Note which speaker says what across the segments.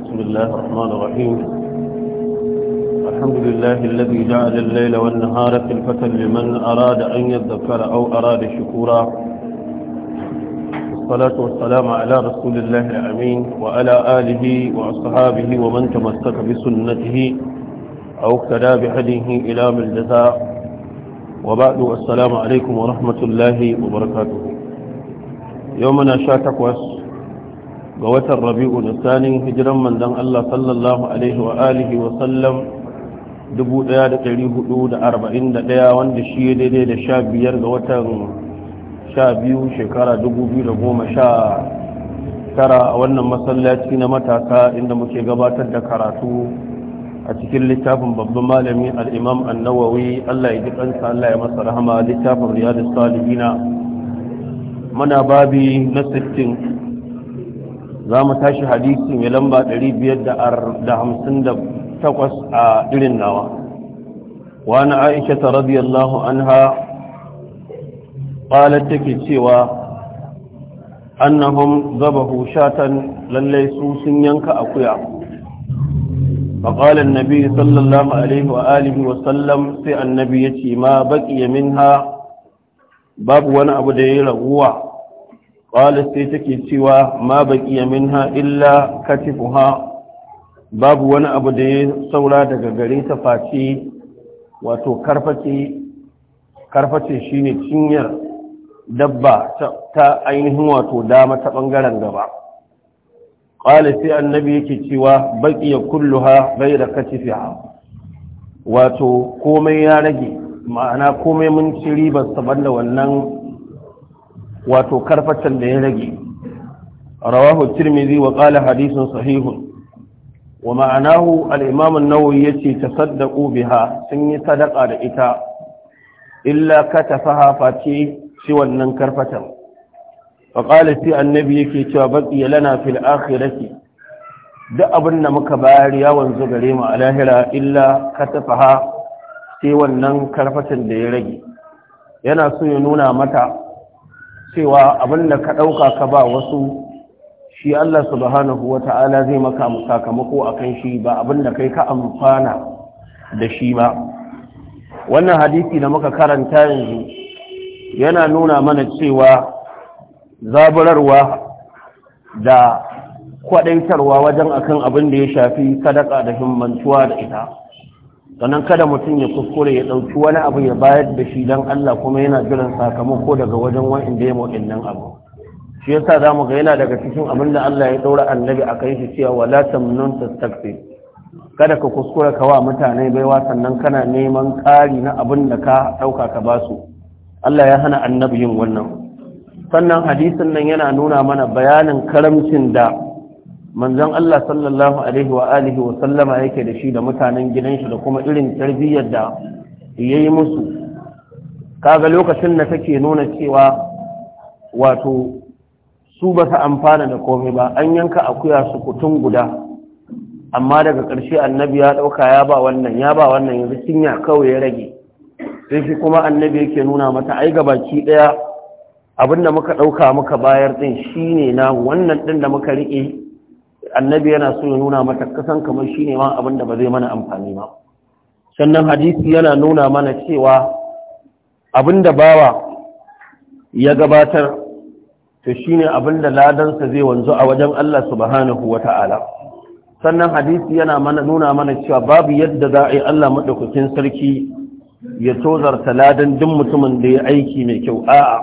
Speaker 1: بسم الله الرحمن الرحيم الحمد لله الذي جعل الليل والنهار خلفة لمن أراد أن يذكر أو أراد شكورا والصلاة والسلام على رسول الله الأمين وعلى آله وأصحابه ومن تمسك بسنته أو اقتدى بهديه إلى من الجزاء وبعد السلام عليكم ورحمة الله وبركاته يومنا شاتك واسم ga watan rabi'u da sanin hijiran manzon Allah sallallahu alaihi wa alihi wa sallam 1441 wanda shi ya daidai da sha biyar ga watan sha biyu shekara 2019 a wannan masallaci na matasa inda muke gabatar da karatu a cikin littafin babban malami al'imam annawawi Allah ya ji kansa Allah ya masa rahama littafin riyadu salihina Muna babi na sittin. za mu tashi hadisi mai lamba 558 a irin nawa wa na aisha ta radiyallahu an ha ƙwalar take cewa an zaba hushatan lallai su sun yanka akuya faƙalar nabi sallallahu alaihi wa alihi wa sallam sai annabi ya ce ma baƙi ya min ha babu wani abu da ya yi raguwa qalat sai take cewa ma baqiya minha illa katifuha babu wani abu da ya saura daga gare ta face wato karface karface shine cinyar dabba ta ainihin wato dama ta bangaren gaba qala sai annabi yake cewa baqiya kulluha ghayra katifiha wato komai ya rage ma'ana komai mun ci ribar saboda da wannan wato karfatan da ya rage rawahu tirmidhi wa qala hadithun sahihun wa ma'anahu al-imam an-nawawi yace tasaddaqu biha sun yi sadaka da ita illa katafaha fati shi wannan karfatan fa qala sai annabi yake cewa baqiya lana fil akhirati duk abin da muka bayar ya wanzu gare mu a lahira illa katafaha sai wannan karfatan da ya rage yana so ya nuna mata cewa abin da ka ɗauka ka ba wasu shi Allah subhanahu wa ta'ala zai maka sakamako a kan shi ba abin da kai ka amfana da shi ba wannan hadisi da muka karanta yanzu yana nuna mana cewa zaburarwa da kwaɗaitarwa wajen akan abin da ya shafi sadaka da himmantuwa da ita sannan kada mutum ya kuskure ya ɗauki wani abu ya bayar da shi don Allah kuma yana jiran sakamako daga wajen da ya ma'in nan abu shi yasa za mu ga yana daga cikin abin da Allah ya ɗaura annabi a kai shi cewa wala tamnun tastakfi kada ka kuskura ka wa mutane baiwa sannan kana neman ƙari na abin da ka ɗauka ka ba su Allah ya hana annabi yin wannan sannan hadisin nan yana nuna mana bayanin karamcin da manzon Allah sallallahu alaihi wa alihi wa sallama yake da shi da mutanen gidan shi da kuma irin tarbiyyar da yayi musu kaga lokacin da take nuna cewa wato su ba su amfana da komai ba an yanka akuya su kutun guda amma daga ƙarshe annabi ya ɗauka ya ba wannan ya ba wannan yanzu cinya kawai ya rage sai shi kuma annabi yake nuna mata ai ga baki ɗaya abinda muka ɗauka muka bayar ɗin shine na wannan ɗin da muka riƙe annabi yana so ya nuna mata kasan kamar ne ma abin da ba zai mana amfani ba sannan hadisi yana nuna mana cewa abin da bawa ya gabatar to shine abin da ladansa zai wanzu a wajen Allah subhanahu ta'ala sannan hadisi yana nuna mana cewa babu yadda za a yi Allah maɗaukakin sarki ya tozarta ladan duk mutumin da ya aiki mai kyau a'a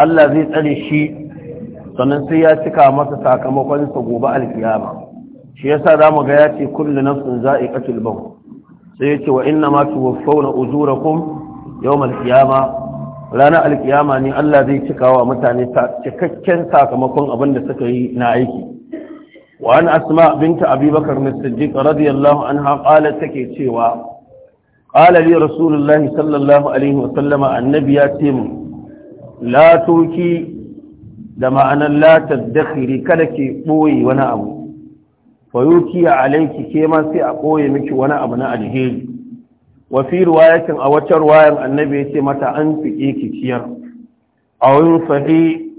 Speaker 1: Allah zai tsare shi sannan sai ya cika masa sakamakon sa gobe alkiyama shi yasa zamu ga ya ce kullu nafsin za'iqatul maut sai yace wa inna ma tuwaffawna ujurakum yawm alkiyama ranar alkiyama ne Allah zai cika wa mutane cikakken sakamakon abin da suka yi na aiki wa an asma binta abubakar na siddiq radiyallahu anha qalat take cewa qala li rasulullahi sallallahu alaihi wa sallama annabi ya ce mu la tuki da ma'anar latar dakhiri kada ke ɓoye wani abu a alaiki ke ma sai a ɓoye miki wani abu na alheri wa fi a wata riwayan annabi ya ce mata an fiƙe ki ciyar a wurin sahi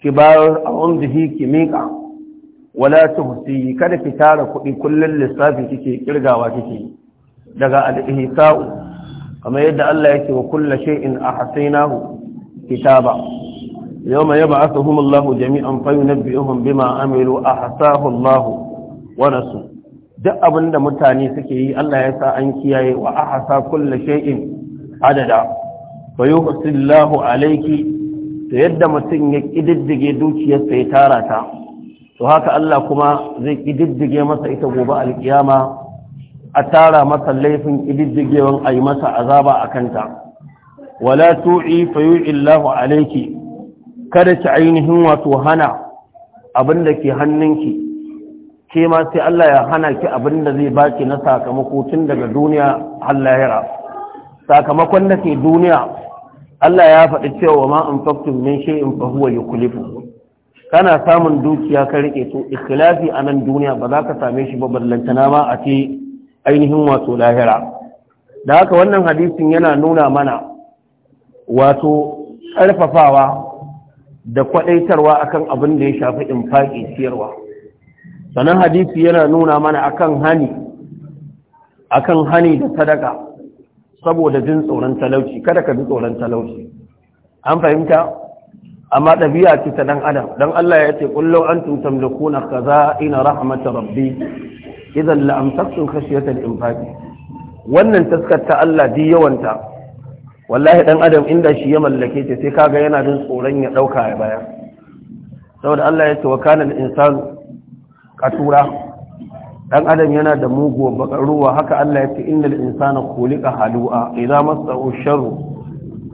Speaker 1: ki bayar a wani ki miƙa wala tuhsi kada ki tara kuɗi kullun lissafi kike kirgawa kike daga al-ihsa'u kamar yadda Allah yake wa kullu shay'in ahsaynahu kitaba يوم يبعثهم الله جميعا فينبئهم بما عملوا أحصاه الله ونسوا duk abin da mutane suke yi Allah ya sa an kiyaye wa ahasa kulle shay'in adada fa yuhsillahu alayki to yadda mutum ya kididdige dukiyarsa ya tara ta to haka Allah kuma zai kididdige masa ita gobe alkiyama a tara masa laifin kididdigewan ayi masa azaba akanta wala tu'i fa yu'illahu alayki kada ki ainihin wato hana abin da ke hannunki ke ma sai Allah ya hana ki abin da zai baki na sakamako tun daga duniya har lahira sakamakon da ke duniya Allah ya faɗi cewa ma an faktun min shay'in fa huwa kana samun dukiya ka rike to ikhlafi a nan duniya ba za ka same shi ba ballantana ma a ce ainihin wato lahira da haka wannan hadisin yana nuna mana wato ƙarfafawa da kwadaitarwa akan abin da ya shafi infaki siyarwa sanan hadisi yana nuna mana akan hani akan hani da sadaka saboda jin tsoron talauci kada ka ji tsoron talauci an fahimta amma ɗabi'a ce ta ɗan adam don Allah ya ce kullu an tamlikuna kaza ina rahmata rabbi idan la'amtaktun kashiyata da infaki wannan taskar ta Allah di yawanta wallahi dan adam inda shi ya mallake ta sai kaga yana jin tsoron ya dauka ya baya saboda Allah ya ce wa kana al-insanu qatura dan adam yana da muguwa bakaruwa haka Allah ya ce innal insana khuliqa halu'a idza massahu sharru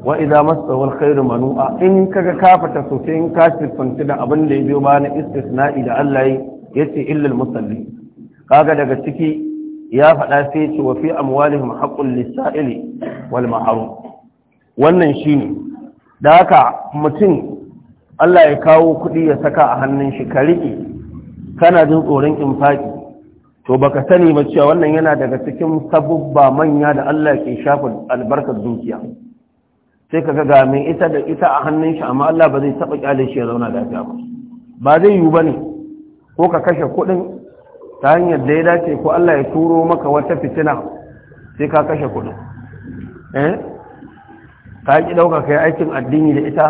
Speaker 1: wa idza massahu alkhairu manu'a in kaga kafata sosai in ka sifanti da abin da ya biyo bayan istisna'i da Allah ya yace illal musalli kaga daga ciki ya faɗa sai ce wa fi amwalihim haqqul lis-sa'ili wal mahrum wannan shi ne. da haka mutum Allah ya kawo kuɗi ya saka a hannun shi ka riƙe kana jin tsoron infaki to baka sani ba cewa wannan yana daga cikin sabubba manya da Allah ke shafa albarkar dukiya sai ka ga mai ita da ita a hannun shi amma Allah ba zai taɓa kyale shi ya zauna lafiya ba ba zai yiwu ba ne ko ka kashe kuɗin ta hanyar da ya dace ko Allah ya turo maka wata fitina sai ka kashe kuɗin eh ka ki dauka kai aikin addini da ita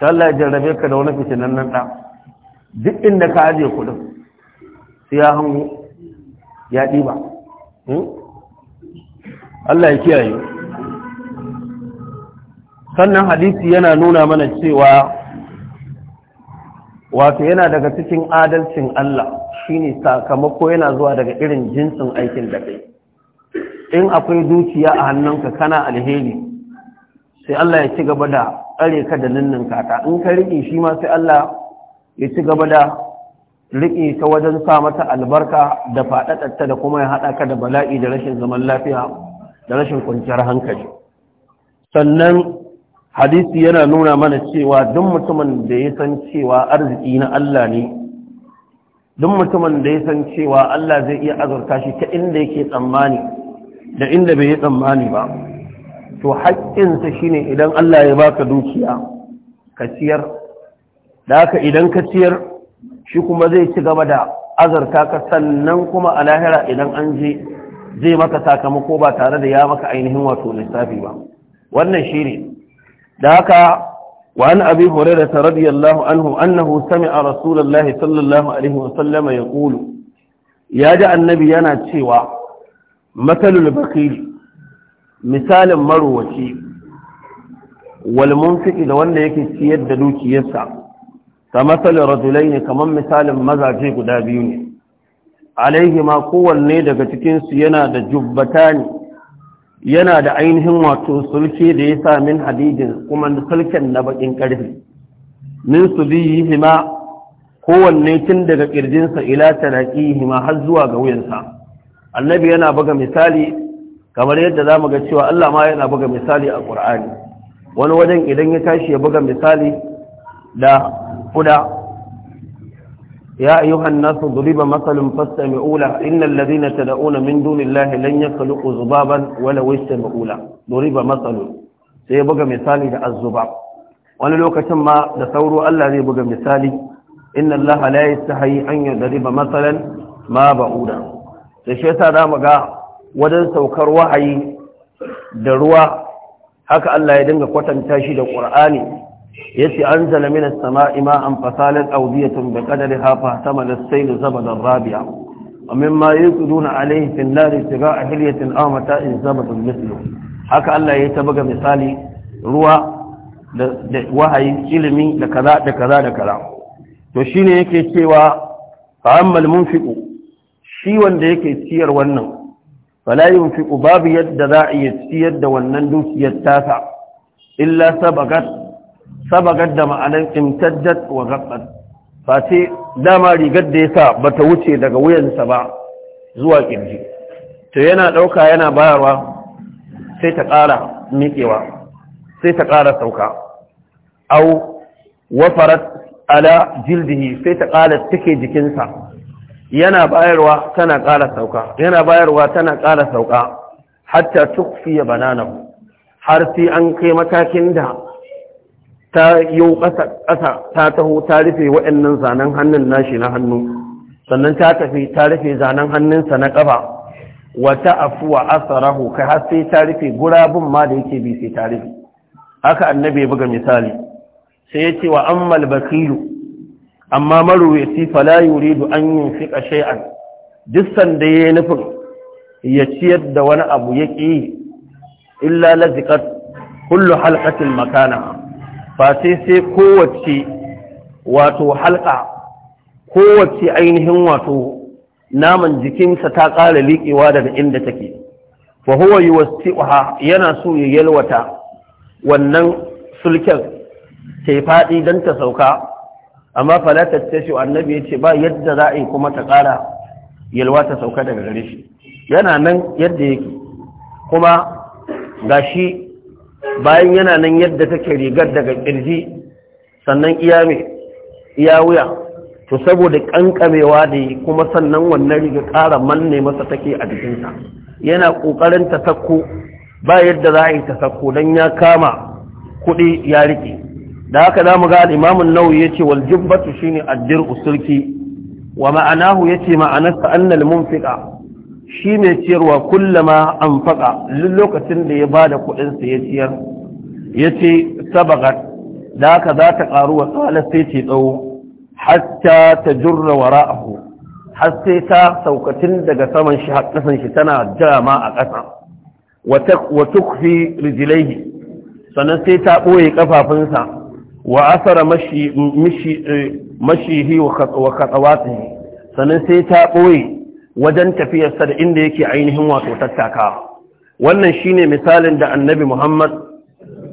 Speaker 1: ta Allah ya jarrabe ka da wani fitinan nan duk inda ka aje kudin sai ya hango ya diba hmm? Allah ya kiyaye sannan hadisi yana nuna mana cewa wato yana daga cikin adalcin Allah shine sakamako yana zuwa daga irin jinsin aikin da kai in akwai dukiya a hannunka kana alheri sai Allah ya ci gaba da tsare ka da ninnin kata in ka riƙe shi ma sai Allah ya ci gaba da riƙe ta wajen sa mata albarka da faɗaɗarta da kuma ya haɗa ka da bala'i da rashin zaman lafiya da rashin kwanciyar hankali sannan hadisi yana nuna mana cewa duk mutumin da ya san cewa arziki na Allah ne duk mutumin da ya san cewa Allah zai iya azurta shi ta inda yake tsammani da inda bai yi tsammani ba to haƙƙinsa shine idan Allah ya baka dukiya ka ciyar da haka idan ka ciyar shi kuma zai ci gaba da azarta ka sannan kuma a lahira idan an je zai maka sakamako ba tare da ya maka ainihin wato lissafi ba wannan shine da haka وعن أبي هريرة رضي الله عنه أنه سمع رسول الله صلى الله عليه وسلم يقول Ya ji annabi yana cewa مثل البخيل misalin marowaci wal da wanda yake ciyar da dukiyarsa ka masalin ne kaman misalin mazaje guda biyu ne alaihi ma kowanne daga cikinsu yana da jubbatani yana da ainihin wato sulke da ya sa min hadidin kuma sulken na bakin karfi min su hima kowanne tun daga ƙirjinsa ila talaƙihima har zuwa ga wuyansa annabi yana buga misali kamar yadda za mu ga cewa Allah ma yana buga misali a Kur'ani. wani wajen idan ya tashi ya buga misali da kuda ya ayi hannasu duriba matsalin fasta mai ula innan ladina ta da'una min dunillahi lan ya zubaban wala wista mai ula duriba matsalin sai ya buga misali da azzuba wani lokacin ma da sauro Allah zai buga misali inna Allah la yastahi an yadriba matsalan ma ba'uda sai shi yasa za mu ga wajen saukar wahayi da ruwa haka Allah ya dinga kwatanta shi da Qur'ani yace anzala minas sama'i ma'an fasalat awdiyatun biqadriha fa tamala da sayl zabadan rabi'a wa mimma yuqiduna alayhi fil nar ibtigha'a hilyatin in mata'in zabadun mithlu haka Allah ya tabaga misali ruwa da wahayi ilimi da kaza da kaza da kaza to shine yake cewa fa mun munfiqu shi wanda yake ciyar wannan fala yunfiqu babu yadda za a iya ciyar da wannan dukiyar tasa illa sabagat da ma'anar imtajjat wa gabbat Ba ce dama rigar da ya ba bata wuce daga wuyansa ba zuwa kirji to yana ɗauka yana bayarwa sai ta ƙara miƙewa sai ta ƙara sauka au wafarat ala jildihi sai ta ƙara take jikinsa yana bayarwa tana ƙara sauka yana bayarwa tana ƙara sauka hatta tukfiya banana har sai an kai matakin da ta yau ƙasa ta taho ta rufe waɗannan zanen hannun nashi na hannu sannan ta tafi ta rufe zanen hannunsa na ƙafa wata afuwa asarahu kai har sai ta rufe gurabun ma da yake bi sai ta rufe haka annabi ya buga misali sai ya ce wa ammal bakilu amma maruwaci fala yuridu an yunfiqa shay'an duk sanda yi nufin ya ciyar da wani abu ya ƙi, illa zikar kullu halqatil makana ba sai sai kowace wato halka, kowace ainihin wato naman jikinsa ta ƙara liƙewa daga inda take fa huwa yuwasi'uha yana so ya yalwata wannan ta sai faɗi don ta sauka amma falatar ta annabi yace ce ba yadda za a yi kuma ta ƙara yalwa ta sauka daga gare shi yana nan yadda yake kuma ga shi bayan yana nan yadda take rigar daga ƙirji sannan iya iya wuya to saboda ƙanƙamewa da yi kuma sannan wannan riga ƙara manne masa take a jikinsa yana ƙoƙarin ta sakko ba yadda za a yi ta sakko don ya kama kuɗi ya riƙe da haka za mu ga al'imamun nawu ya ce wal jubbatu shi ne addir usulki wa ma'anahu ya ce ma'anarsa annal munfiƙa shi mai ciyarwa kullama an faƙa lokacin da ya ba da kuɗinsa ya ciyar ya ce sabagat da haka za ta ƙaru wa tsalar sai ce tsawo hatta ta jurra wa ra'ahu har sai ta saukacin daga saman shi har ƙasan shi tana jama a ƙasa wa tukfi rijilaihi sannan sai ta ɓoye ƙafafunsa wa asara eh, mashihi wa katsawatihi sannan sai ta ɓoye wajen tafiyarsa da inda yake ainihin wato tattaka wannan shine misalin da annabi muhammad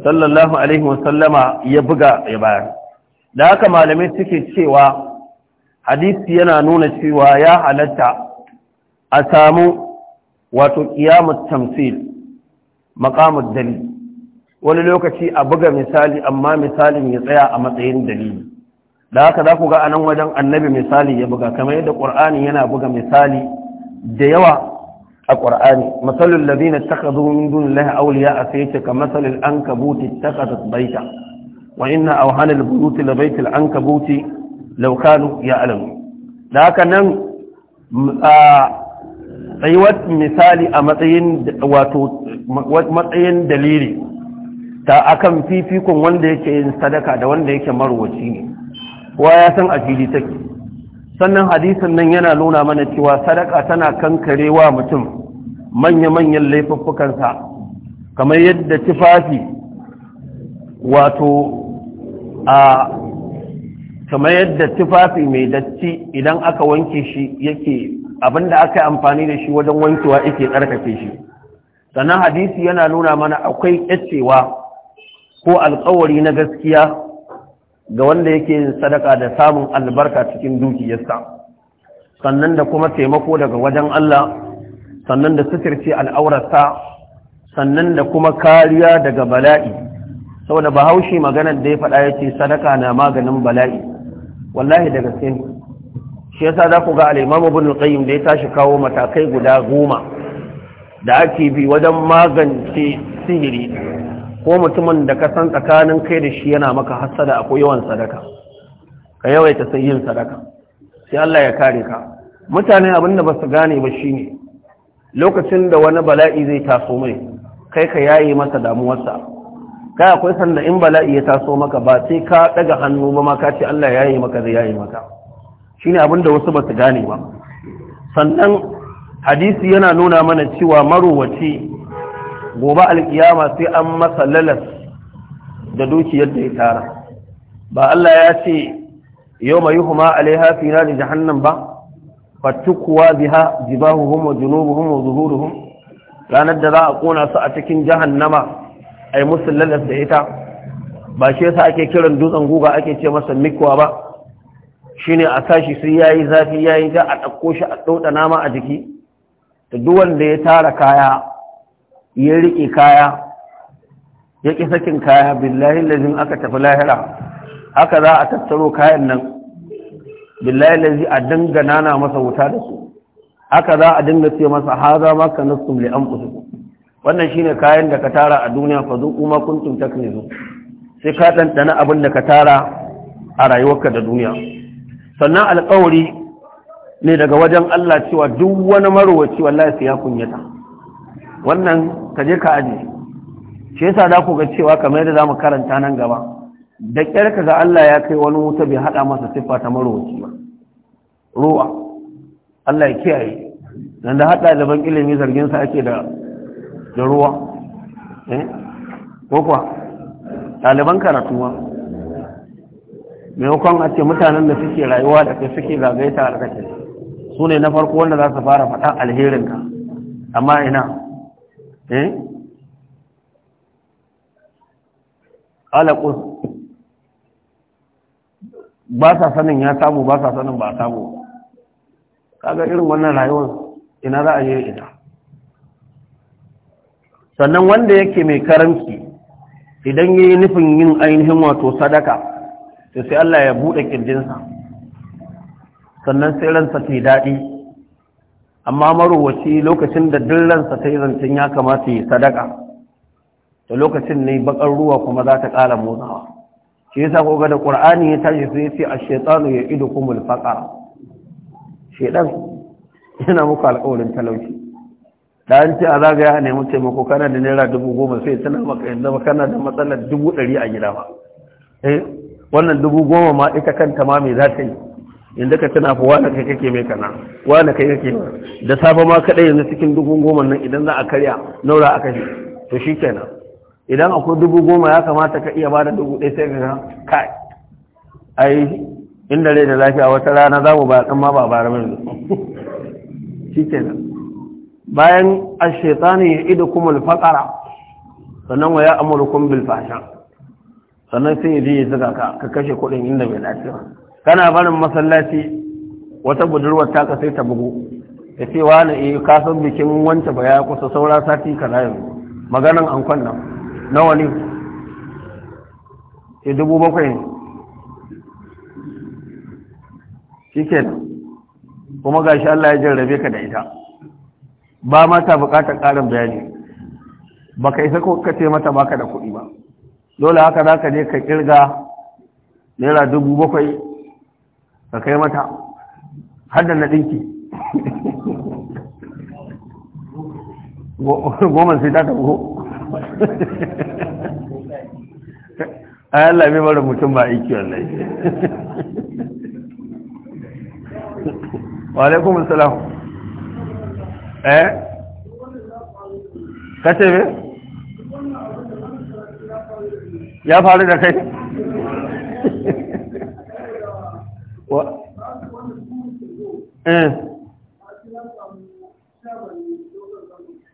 Speaker 1: sallallahu alaihi wasallama ya buga ya bayar da haka malamai suke cewa hadisi yana nuna cewa ya halatta a samu wato ƙiyamun tamsil maƙamun dalil wani lokaci a buga misali amma misalin ya tsaya a matsayin dalili da haka za ku ga anan wajen annabi misali ya buga kamar yadda ƙur'ani yana buga misali da yawa a ƙur'ani masalul ladina takhadhu min dunillahi awliya a sai ce kamar masalul ankabuti takhadhat baita wa inna awhana albuyuti la baitil ankabuti law kanu ya'lamu da haka nan tsayuwar misali a matsayin wato matsayin dalili ta akan fifikon wanda yake yin sadaka da wanda yake marwaci ne kowa ya san a take sannan hadisin nan yana nuna mana cewa sadaka tana kankarewa mutum manya-manyan laifuffukansa kamar yadda tufafi wato a kamar yadda tufafi mai datti idan aka wanke shi yake abinda aka yi amfani da shi wajen wankewa yake tsarkake shi sannan hadisi yana nuna mana akwai kyacewa ko alkawari na gaskiya ga wanda yake yin sadaka da samun albarka cikin dukiyarsa sannan da kuma taimako daga wajen Allah sannan da suturce al'aurarsa sannan da kuma kariya daga bala'i saboda bahaushe maganar da ya faɗa ya ce sadaka na maganin bala'i wallahi da gaske shi yasa za ku ga al'imamu bin qayyim da ya tashi kawo matakai guda goma da ake bi wajen magance sihiri ko mutumin da ka san tsakanin kai da shi yana maka hassada akwai yawan sadaka ka yawaita sai yin sadaka sai Allah ya kare ka mutane abin da ba su gane ba shine lokacin da wani bala'i zai taso mai kai ka ya'yi masa damuwarsa kai akwai sanda in bala'i ya taso maka ba sai ka daga hannu ba ma ka ce Allah ya'yi maka zai ya'yi maka shine abin da wasu ba su gane ba sannan hadisi yana nuna mana cewa marowaci gobe alkiyama sai an masa lalas da dukiyar da ya tara ba Allah ya ce yau mai yuhuma alaiha fi nari jahannam ba fatukuwa biha jibahuhum wa junubuhum wa zuhuruhum ranar da za a kona su a cikin jahannama ai musu lalas da ita ba shi yasa ake kiran dutsen guga ake ce masa mikwa ba shine a sashi sai yayi zafi yayi ga a ɗauko shi a ɗauɗa nama a jiki da duk wanda ya tara kaya ya riƙe kaya ya ƙi sakin kaya billahi lazim aka tafi lahira haka za a tattaro kayan nan billahi lazim a dinga nana masa wuta da su haka za a dinga ce masa haza maka nasum li anfusikum wannan shi ne kayan da ka tara a duniya fa zuƙu ma kuntum taknizu sai ka ɗanɗana abin da ka tara a rayuwarka da duniya sannan alƙawari ne daga wajen Allah cewa duk wani marowaci wallahi sai ya kunyata wannan ka je ka aje shi yasa za ku ga cewa kamar yadda za mu karanta nan gaba da kyar ka ga Allah ya kai wani wuta bai haɗa masa siffa ta marowaci ba ruwa Allah ya kiyaye nan da da ban ilimi zargin sa ake da da ruwa eh ko kuwa ɗaliban Me maimakon a ce mutanen da suke rayuwa da kai suke zagaye ta alkacin su ne na farko wanda za su fara faɗa alherinka amma ina eh alaƙus ba sa sanin ya samu ba sa sanin ba a samu kaga irin wannan rayuwar ina za a yi ina sannan wanda yake mai karamci idan yi nufin yin ainihin wato sadaka to sai Allah ya buɗe ƙirjinsa sannan sai ransa ke daɗi amma marowaci lokacin da dillansa ta yi zancen ya kamata yi sadaka da lokacin ne bakar ruwa kuma za ta ƙara motsawa shi yasa ko ga da qur'ani ya tashi sai ce a ya shaytanu ya'idukumul faqra shedan yana muku alƙawarin talauci da an ce a zagaya a nemi taimako kana da naira dubu goma sai tana maka yanzu ba kana da matsalar dubu ɗari a gida ba eh wannan dubu goma ma ita kanta ma me za ta yi yanzu ka tana fa wani kai kake mai kana wani kai kake da safa ma kaɗai yanzu cikin dubu goma nan idan za a karya naura a kashe to shi kenan idan akwai dubu goma ya kamata ka iya ba da dubu ɗaya sai ka ga kai ai inda rai da lafiya wata rana za mu ba ɗan ma ba bara mai shi kenan bayan ashaitani ya ido kuma alfaƙara sannan wa ya amurkun bilfasha sannan sai ya je ya zuga ka ka kashe kuɗin inda bai dace ba kana barin masallaci wata budurwar ta sai ta bugu ya ce wani ne eh, ka san bikin wancan ba ya kusa saura sati ka yanzu maganan ankon nan nawa ne ce eh, dubu bakwai ne shi kuma gashi Allah ya jarrabe ka da ita ba ma ta bukatar ƙarin bayani ba ka isa ka ce mata baka da kuɗi ba dole haka za ka je ka kirga naira dubu bakwai ka kai mata hadda na ɗinki goma sai ta tabo a yalla mai mara mutum ba aiki wallahi wa alaikum salam eh ka me ya faru da kai wa eh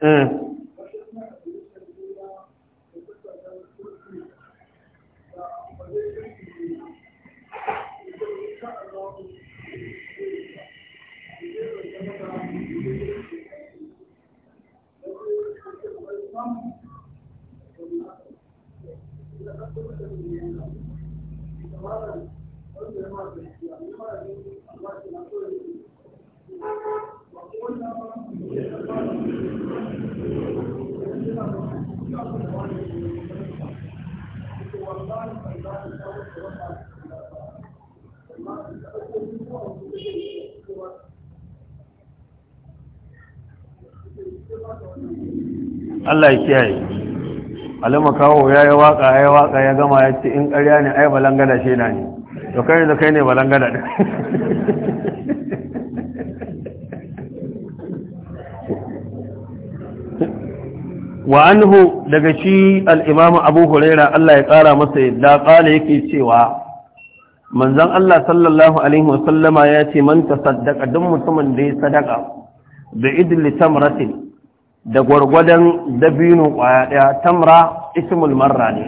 Speaker 1: eh Allah ya kiyaye alama kawo ya yi waka ya yi waka ya gama ya ce in ƙarya ne ai balangada shi na ne to kai da kai ne balangada din wa anhu daga shi al al'imamu abu huraira Allah ya kara masa yadda qala yake cewa manzon Allah sallallahu Alaihi wasallama ya ce man tasaddaqa saddaka mutumin da ya sadaka bi idli tamratin da gwargwadon dabino kwaya daya tamra ismul marra ne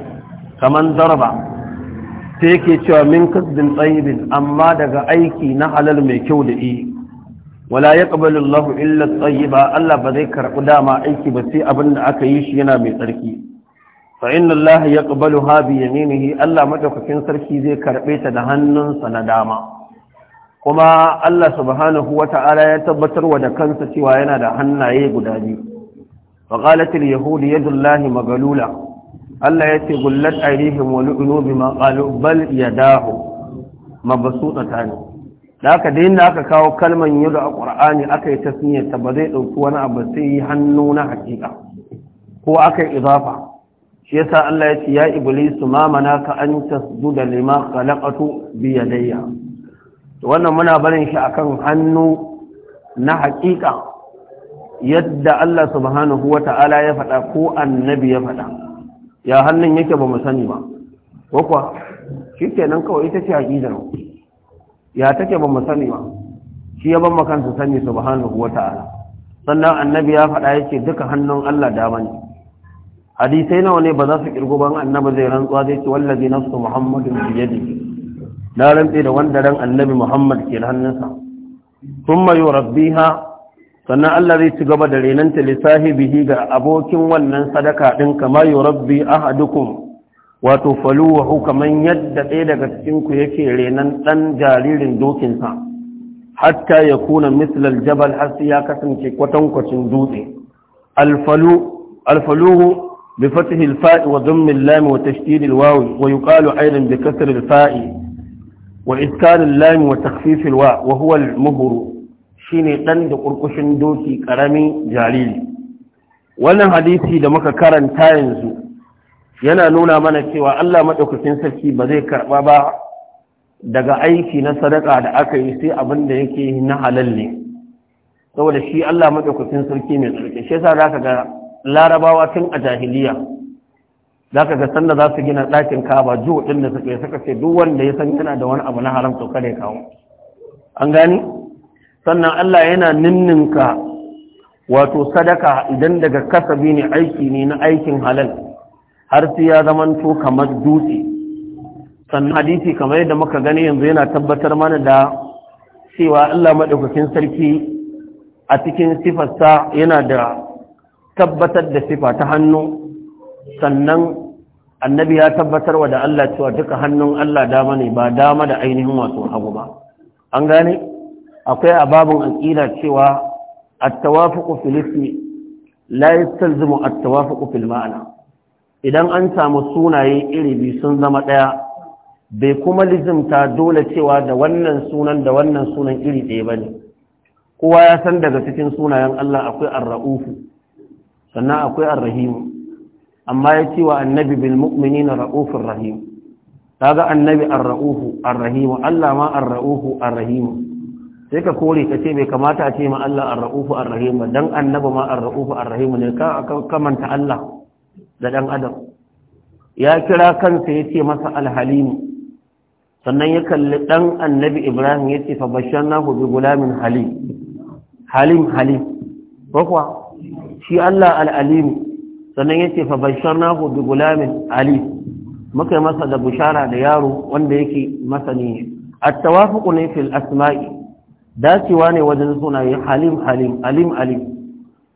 Speaker 1: kaman zarba sai yake cewa min kasbin tsayibin amma daga aiki na halal mai kyau da i wala ya ƙabalin Lahu, illa tsayiba Allah ba zai karɓi dama aiki ba sai abin da aka yi shi yana mai tsarki fa inna Allah ya ƙabalu ha bi yaminihi Allah madaukakin sarki zai karɓe ta da hannunsa na dama kuma Allah subhanahu wa ta'ala ya tabbatar wa da kansa cewa yana da hannaye guda biyu فقالت اليهود يد الله مغلولة الله يتي غلت أيديهم ولؤلؤوا بما قالوا بل يداه مبسوطتان لك دين لك كاو كلمة يدعى القرآن أكي تسمية تبديء وانا أبسي حنون حقيقة هو أكي إضافة شيسا الله يتي يا إبليس ما مناك أن تسجد لما خلقت بيديها wannan muna barin shi akan hannu na haƙiƙa yadda Allah subhanahu wa ta'ala ya faɗa ko annabi ya faɗa ya hannun yake ba mu sani ba Ko kuwa shikenan kawai ita ce aƙidar ya take ba mu sani ba shi ya ban makansa sani subhanahu wa ta'ala sannan annabi ya faɗa ya ce duka hannun Allah da ne hadisai nawa ne ba za su kirgo ban annabi zai rantsuwa zai ce wallazi nafsu muhammadin biyadihi na rantse da wanda ran annabi muhammad ke da hannunsa thumma yurabbiha sannan Allah zai ci gaba da renanta bihi ga abokin wannan sadaka ɗin kama rabbi ahadukum wato faluwahu kaman yadda ɗaya daga cikin ku yake renan ɗan jaririn dokinsa hatta ya kuna mislal jabal har ya kasance kwatankwacin dutse alfaluhu بفتح الفاء وضم اللام وتشديد الواو ويقال أيضا بكسر Lami wa اللام وتخفيف wa huwa المهر shine ɗan da ƙurƙushin doki ƙarami jariri wannan hadisi da muka karanta yanzu yana nuna mana cewa Allah maɗaukakin sarki ba zai karɓa ba daga aiki na sadaka da aka yi sai abin da yake na halal ne saboda shi Allah maɗaukakin sarki mai tsarki shi yasa zaka ga larabawa tun a jahiliya zaka ga sanda za su gina ɗakin kaba jiwo ɗin da suka yi suka ce duk wanda ya san yana da wani abu na haram to kada ya kawo an gani sannan Allah yana ninninka wato sadaka idan daga kasabi ne aiki ne na aikin halal har sai ya zamanto kamar dutse sannan hadisi kamar yadda muka gani yanzu yana tabbatar mana da cewa Allah maɗaukakin sarki a cikin sifarsa yana da tabbatar da sifa ta hannu sannan annabi ya tabbatar wa da Allah cewa duka hannun Allah dama ne ba dama da ainihin wato hagu ba an gane akwai ababun aƙida cewa at-tawafuqu fil ismi la yastalzimu at-tawafuqu fil ma'ana idan an samu sunaye iri biyu sun zama ɗaya bai kuma lizimta dole cewa da wannan sunan da wannan sunan iri ɗaya ba ne kowa ya san daga cikin sunayen Allah akwai ar sannan akwai ar amma ya ce wa annabi bil mu'minina ra'ufur rahim kaga annabi ar-ra'ufu ar Allah ma ar-ra'ufu ar sai ka kore ka ce bai kamata a ce ma Allah ar-ra'ufu ar rahimu dan annaba ma ar-ra'ufu ar rahimu ne ka kamanta Allah da ɗan adam ya kira kansa ya ce masa al sannan ya kalli dan annabi Ibrahim ya ce fa basharnahu bi gulamin halim halim halim bakwa shi Allah al sannan ya ce fa basharnahu bi gulamin halim muka yi masa da bushara da yaro wanda yake masa ne tawafuq ne fil asma'i dacewa ne wajen sunaye halim halim alim alim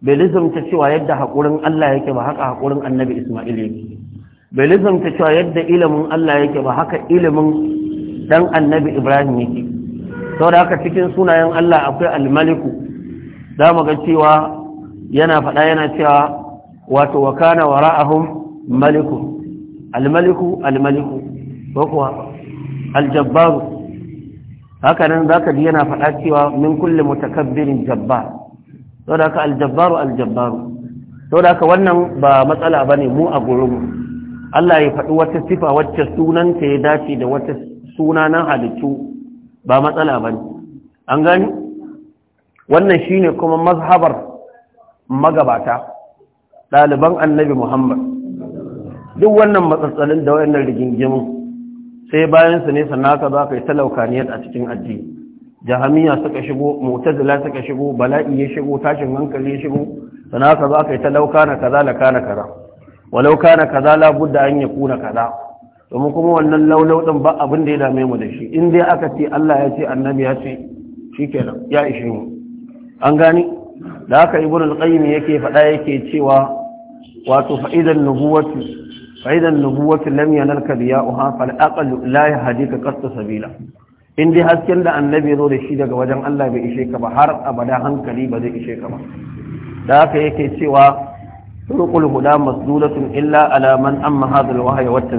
Speaker 1: bai lizamta cewa yadda haƙurin Allah yake ba haka haƙurin annabi Ismail yake bai lizamta cewa yadda ilimin Allah yake ba haka ilimin dan annabi Ibrahim yake saboda haka cikin sunayen Allah akwai almaliku za mu ga cewa yana faɗa yana cewa wato wa kana wara'ahum maliku almaliku almaliku ko kuwa aljabbaru haka nan ka ji yana faɗa cewa min kulle mutakabbirin jabbar to da ka aljabbaru aljabbaru to da ka wannan ba matsala bane mu a gurin Allah ya faɗi wata sifa wacce sunanta ya dace da wata suna na halittu ba matsala bane an gani wannan shine kuma mazhabar magabata ɗaliban annabi Muhammad duk wannan matsatsalin da wayannan rigingimu sai bayan su ne sannan ka za ka yi talaukaniyar a cikin addini jahamiya suka shigo mu'tazila suka shigo bala'i ya shigo tashin hankali ya shigo sannan ka za ka yi talaukana kaza la kana kaza walau kana kaza la budda an kuna kaza domin kuma wannan laulau din ba abin da ya dame mu da shi in dai aka ce Allah ya ce annabi ya ce shikenan ya ishe mu an gani da haka ibnu al-qayyim yake faɗa yake cewa wato fa'idan nubuwati فإذا النبوة لم ينلك ضياؤها فالأقل لا يهديك قصد سبيلا Sabila. dai hasken da annabi zo da shi daga wajen Allah bai ishe ka ba har abada hankali ba zai ishe ka ba da haka yake cewa turqul huda masdulatun illa alaman man amma hadha alwahyi wat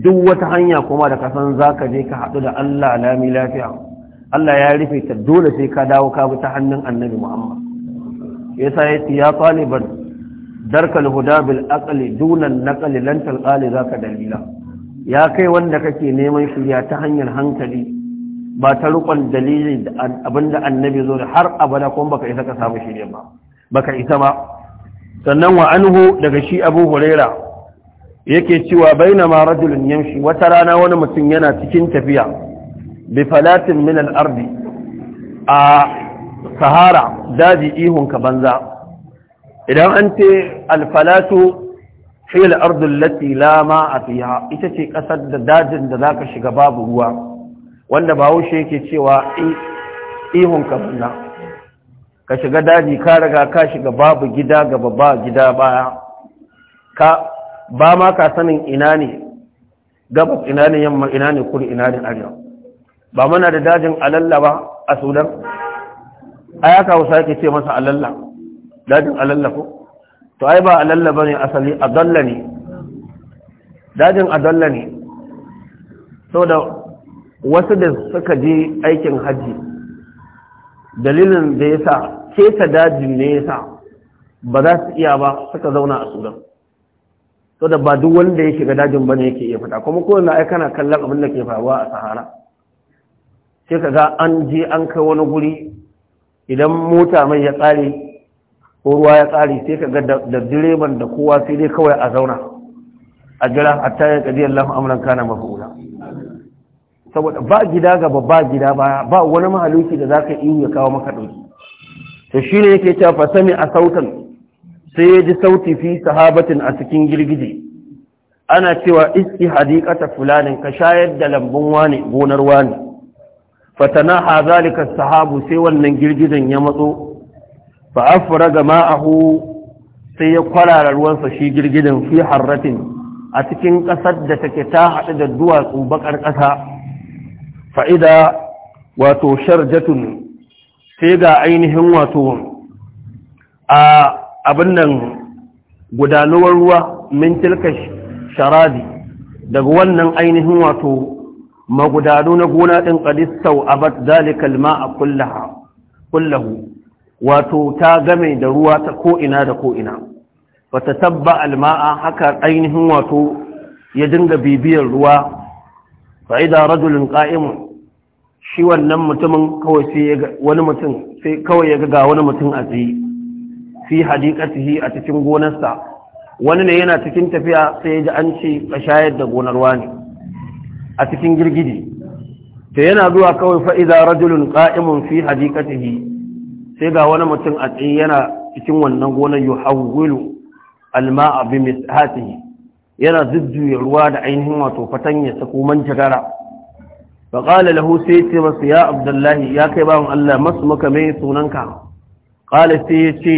Speaker 1: duk wata hanya kuma da ka kasan zaka je ka haɗu da Allah lami lafiya Allah ya rufe ta dole sai ka dawo ka bi ta hannun annabi Muhammad yasa yace ya taliban darkal huda bil aqli dunan naqli lan talqali zaka dalila ya kai wanda kake neman shirya ta hanyar hankali ba ta rukon dalili abinda annabi zo da har abada kuma baka isa ka samu shirya ba baka isa ba sannan wa anhu daga shi abu huraira yake cewa baina ma rajulun yamshi wata rana wani mutum yana cikin tafiya bi falatin min al-ardi a sahara daji ihun ka banza idan an ce alfalatu fil ardul lati la ma fiha ita ce kasar da dajin da zaka shiga babu ruwa wanda ba bahaushe yake cewa ihun kabuna ka shiga daji ka riga ka shiga babu gida gaba ba gida baya ka ba ma ka sanin ina ne Gaba ina ne yamma ina ne kudu ina ne arewa ba muna da dajin alalla ba a sudan ayaka wasa yake ce masa alalla dajin alalla ko to ai ba alalla bane asali adalla ne dajin adalla ne da wasu da suka je aikin hajji, dalilin da yasa keta dajin ne yasa ba za su iya ba suka zauna a sudan to da ba duk wanda ya shiga dajin ba ne yake iya fita kuma ko na ai kana kallon abin da ke faruwa a sahara sai ka ga an je an kai wani guri idan mota mai ya tsare ko ruwa ya tsari sai ka ga da direban da kowa sai dai kawai a zauna a jira a tayar kadi Allah amran kana mafuula saboda ba gida gaba ba gida baya ba wani mahaluki da zaka yi ya kawo maka dauki to shine yake cewa fa sami a sautan sai ya ji sauti fi sahabatin a cikin girgije ana cewa iski hadiqata fulanin ka shayar da lambun wani gonar wani fatana ha sahabu sai wannan girgizan ya matso fa afraga ma'ahu sai ya kwarara ruwansa shi girgidin fi harratin a cikin ƙasar da take ta haɗu da duwatsu baƙar ƙasa fa'ida wato sharjatun sai ga ainihin wato a abin nan gudanuwar ruwa min tilka sharadi daga wannan ainihin wato magudanu na gona ɗin ƙadistau abad zalikal ma a kullahu wato ta game da ruwa ta ko'ina da ko'ina ba ta tabba alma'a haka ainihin wato ya dinga bibiyar ruwa fa'ida radulin, ƙa'imun shi wannan mutumin kawai sai wani mutum sai kawai ya ga wani mutum a tsaye fi hadiqatihi a cikin gonarsa wani ne yana cikin tafiya sai ya ji an ce ka shayar da gonar wani a cikin girgidi to yana zuwa kawai fa idan rajulun qa'imun fi hadiqatihi sai ga wani mutum a tsaye yana cikin wannan gonar alma a bi mishatihi yana zujjuya ruwa da ainihin wato fatanya sako koman jagara fa qala lahu sai ce masa ya abdullahi ya kai bawon Allah masu maka mai sunanka qala sai ya ce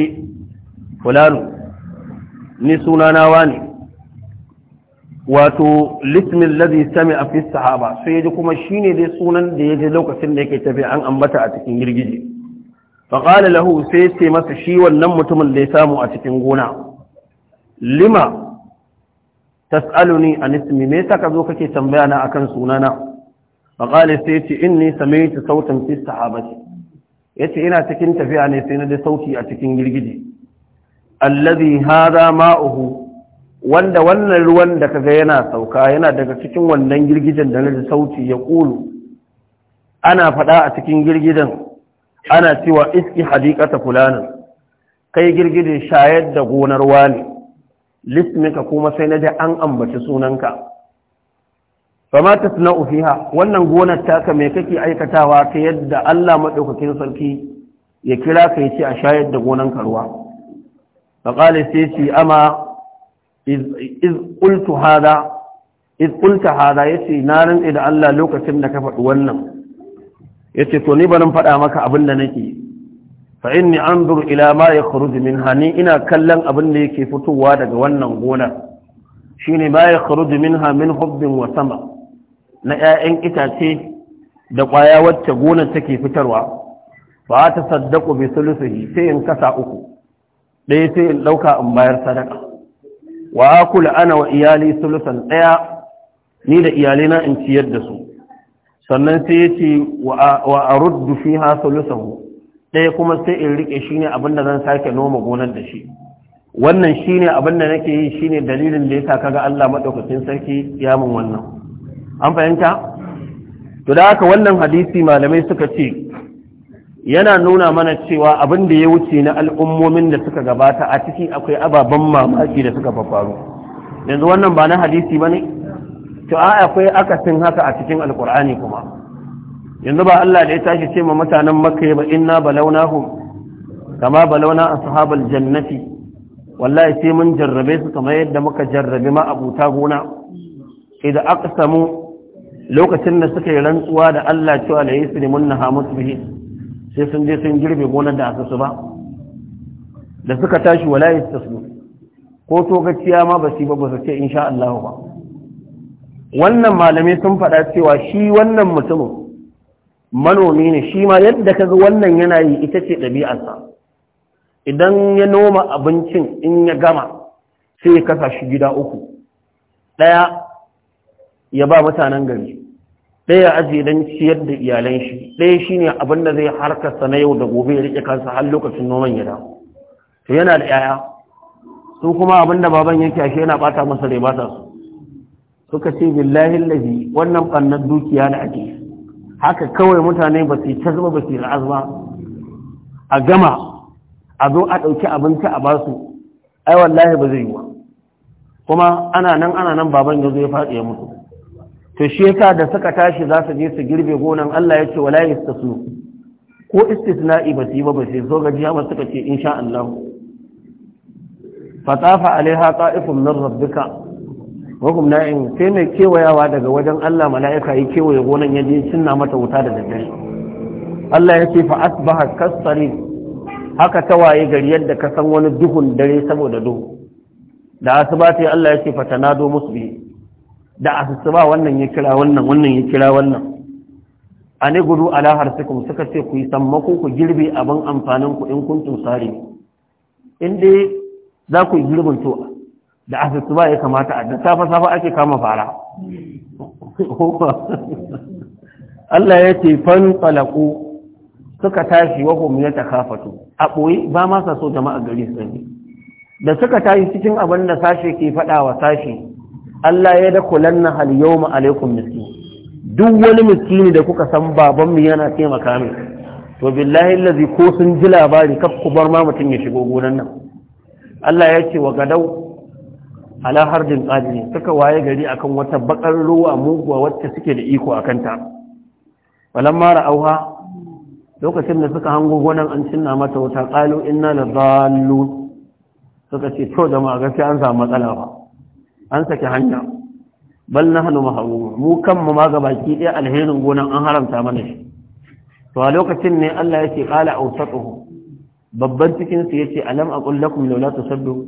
Speaker 1: fulanu ni sunana wani wato litmin ladhi sami'a fi sahaba sai ya ji kuma shine dai sunan da ya ji lokacin da yake tafiya an ambata a cikin girgije faƙala lahu sai ce masa shi wannan mutumin da ya samu a cikin gona lima tas'aluni a nismi, me yasa ka zo kake tambaya na akan sunana faƙala sai ce inni samaitu sautan fi sahabati yace ina cikin tafiya ne sai na da sauti a cikin girgije allazi ma ma'uhu wanda wannan ruwan da kaga yana sauka yana daga cikin wannan girgijen da na da sauti ya ƙulu ana faɗa a cikin girgijen ana cewa iski hadikata fulana kai girgije shayar da gonar wani lismika kuma sai na ji an ambaci sunanka ma ta suna ufiha wannan gonar taka mai kake aikatawa ta yadda allah maɗaukakin sarki ya kira ka ce a shayar da gonan ruwa? faƙali sai ce ama iz ƙultu hada ya ce na rantsi da allah lokacin da ka faɗi wannan yace to ni barin faɗa maka abin da nake fa inni anzur ila ma yakhruju minha ni ina kallon abin da yake fitowa daga wannan gonar shine ma yakhruju minha min hubbin wa sama na 'ya'yan itace da ƙwaya wacce gonar take fitarwa ba ta saddaku bi sulusihi sai in kasa uku ɗaya sai in ɗauka in bayar sadaka wa akula ana wa iyali sulusan ɗaya ni da iyalina in ciyar da su sannan sai ya ce wa a ruddu fi hasa lusahu ɗaya kuma sai in riƙe shi ne abinda zan sake noma gonar da shi wannan shi ne abinda nake yi shi ne dalilin da ya sa kaga Allah maɗaukacin sarki ya mun wannan an fahimta to da haka wannan hadisi malamai suka ce yana nuna mana cewa abin da ya wuce na al'ummomin da suka gabata a ciki akwai ababen mamaki da suka faru yanzu wannan ba na hadisi ba ne to a akwai akasin haka a cikin alkur'ani kuma yanzu ba Allah da ya tashi ce ma mutanen makka ba inna balawnahum kama balauna ashabal jannati wallahi sai mun jarrabe su kamar yadda muka jarrabe ma abuta gona idan aqsamu lokacin da suka yi rantsuwa da Allah cewa la yuslimun naha musbihi sai sun je sun girbe gonar da aka su ba da suka tashi wala yastasmu ko to gaciya ma ba su ba ba su ce insha Allah ba wannan malamai sun faɗa cewa shi wannan mutumin manomi ne shi ma yadda ka ga wannan yana yi ita ce ɗabi'arsa idan ya noma abincin in ya gama sai ya kasa shi gida uku ɗaya ya ba mutanen gari ɗaya ya ajiye don ciyar da iyalan shi ɗaya shi ne abin da zai harkarsa na yau da gobe ya riƙe kansa har lokacin noman ya dawo to yana da 'ya'ya su kuma abin da baban yake ashe yana ɓata masa rai ba su suka ce billahi lazi wannan ɓannan dukiya da ake haka kawai mutane ba su ta zama ba su ra'az ba a gama a zo a ɗauki abinci a basu ai wallahi ba zai yi wa kuma ana nan ana nan baban ya zo ya faɗi ya mutu to shi yasa da suka tashi za su je su girbe gonan Allah ya ce wala yastasu ko istisna'i ba su yi ba ba sai zo gajiya ba suka ce insha Allah fatafa alaiha qa'ifun min rabbika na na'in sai mai kewayawa daga wajen Allah mala'ika yi kewaye gonan ya je cinna mata wuta da daddare Allah ya ce fa asbaha kasari haka ta waye gari yadda ka san wani duhun dare saboda duhu da asuba ta Allah ya ce fa tanado musbi da asuba wannan ya kira wannan wannan ya kira wannan ane gudu ala harsikum suka ce ku yi sammako ku girbe abin amfanin ku in kuntum sari in dai za ku yi girbin to da asusu ba ya kamata a da safa-safa ake kama fara Allah ya ce fan tsalaku suka tashi wahum ya takafatu a ɓoye ba ma sa so jama'a gari sani da suka tashi cikin abin da sashe ke faɗa wa sashe Allah ya da na hal yawma alaikum miski duk wani miski ne da kuka san baban mu yana taimaka min to billahi lazi ko sun ji labari kaf ku bar ma mutum ya shigo gonan nan Allah ya ce wa gadau ala harbin qadiri suka waye gari akan wata bakar ruwa muguwa wacce suke da iko kanta. ta mara auha? lokacin da suka hango gonan an cinna mata wuta qalu inna ladallun suka ce to da ma gaskiya an samu matsala ba an saki hanya bal nahnu mahrum mu kanmu ma ga baki ɗaya alherin gonan an haramta mana shi to a lokacin ne Allah yake qala awsatuhu babban cikin su yace alam aqul lakum law tusaddu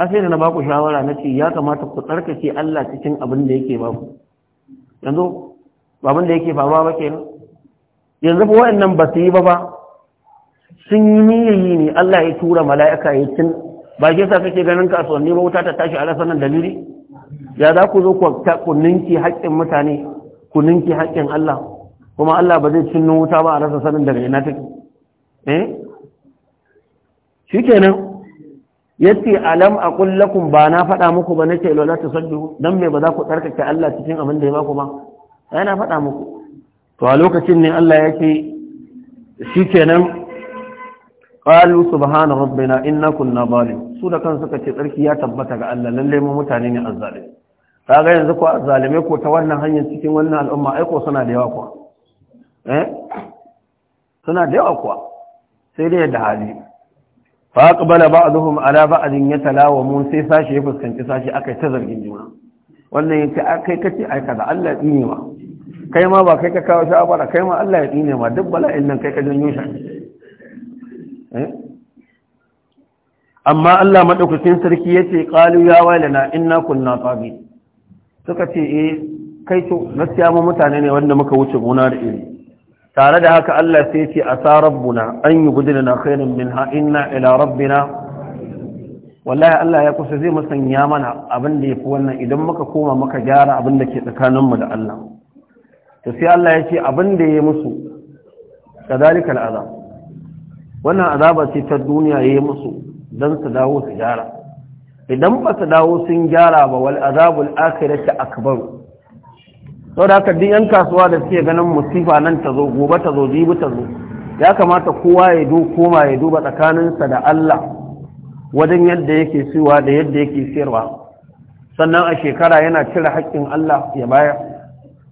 Speaker 1: a sai da na baku shawara na ce ya kamata ku tsarkake Allah cikin abin da yake baku yanzu abin da yake faruwa ba kenan yanzu ba wa'annan ba su yi ba ba sun yi niyayi ne Allah ya tura mala'ika ya cin ba ke sa kake ganin kasuwanni ba wuta ta tashi a rasa nan dalili ya za ku zo ku ninki haƙƙin mutane ku ninki haƙƙin Allah kuma Allah ba zai cinno wuta ba a rasa sanin daga yana take eh shikenan yace alam aqul lakum ba na faɗa muku ba nace la tusaddu dan me ba za ku tsarkake Allah cikin abin da ya baku ba na faɗa muku to a lokacin ne Allah yake shikenan qalu subhana rabbina inna kunna zalim su da kansu suka ce tsarki ya tabbata ga Allah lalle mu mutane ne azzalim kaga yanzu ko azzalime ko ta wannan hanyar cikin wannan al'umma ai ko suna da yawa kuwa eh suna da yawa kuwa sai dai da hali fa aqbala ba'dhum ala ba'din yatalawamu sai sashi ya fuskanci sashi akai ta zargin juna wannan yace kai kace ai kaza Allah ya tsine ma kai ma ba kai ka kawo shi abara kai ma Allah ya tsine ma duk bala'in nan kai ka janyo shi eh? amma Allah madaukakin sarki yace qalu ya walana inna kunna tabi suka ce eh kai to gaskiya mu mutane ne wanda muka wuce gona da iri tare da haka Allah sai ce asa rabbuna an yi gudunana khairun minha inna ila rabbina wallahi Allah ya kusa zai masanya mana abin da ya fi wannan idan muka koma muka gyara abin da ke tsakaninmu da Allah to sai Allah ya ce abin da ya musu kadalika al'azab wannan azaba ce ta duniya ya yi musu don su dawo su gyara idan ba su dawo sun gyara ba wal azabul akhirati akbaru saboda haka duk yan kasuwa da suke ganin musifa nan ta zo gobe ta zo jibi ta zo ya kamata kowa ya du koma ya duba tsakaninsa da Allah wajen yadda yake siwa da yadda yake siyarwa sannan a shekara yana cire haƙƙin Allah ya baya.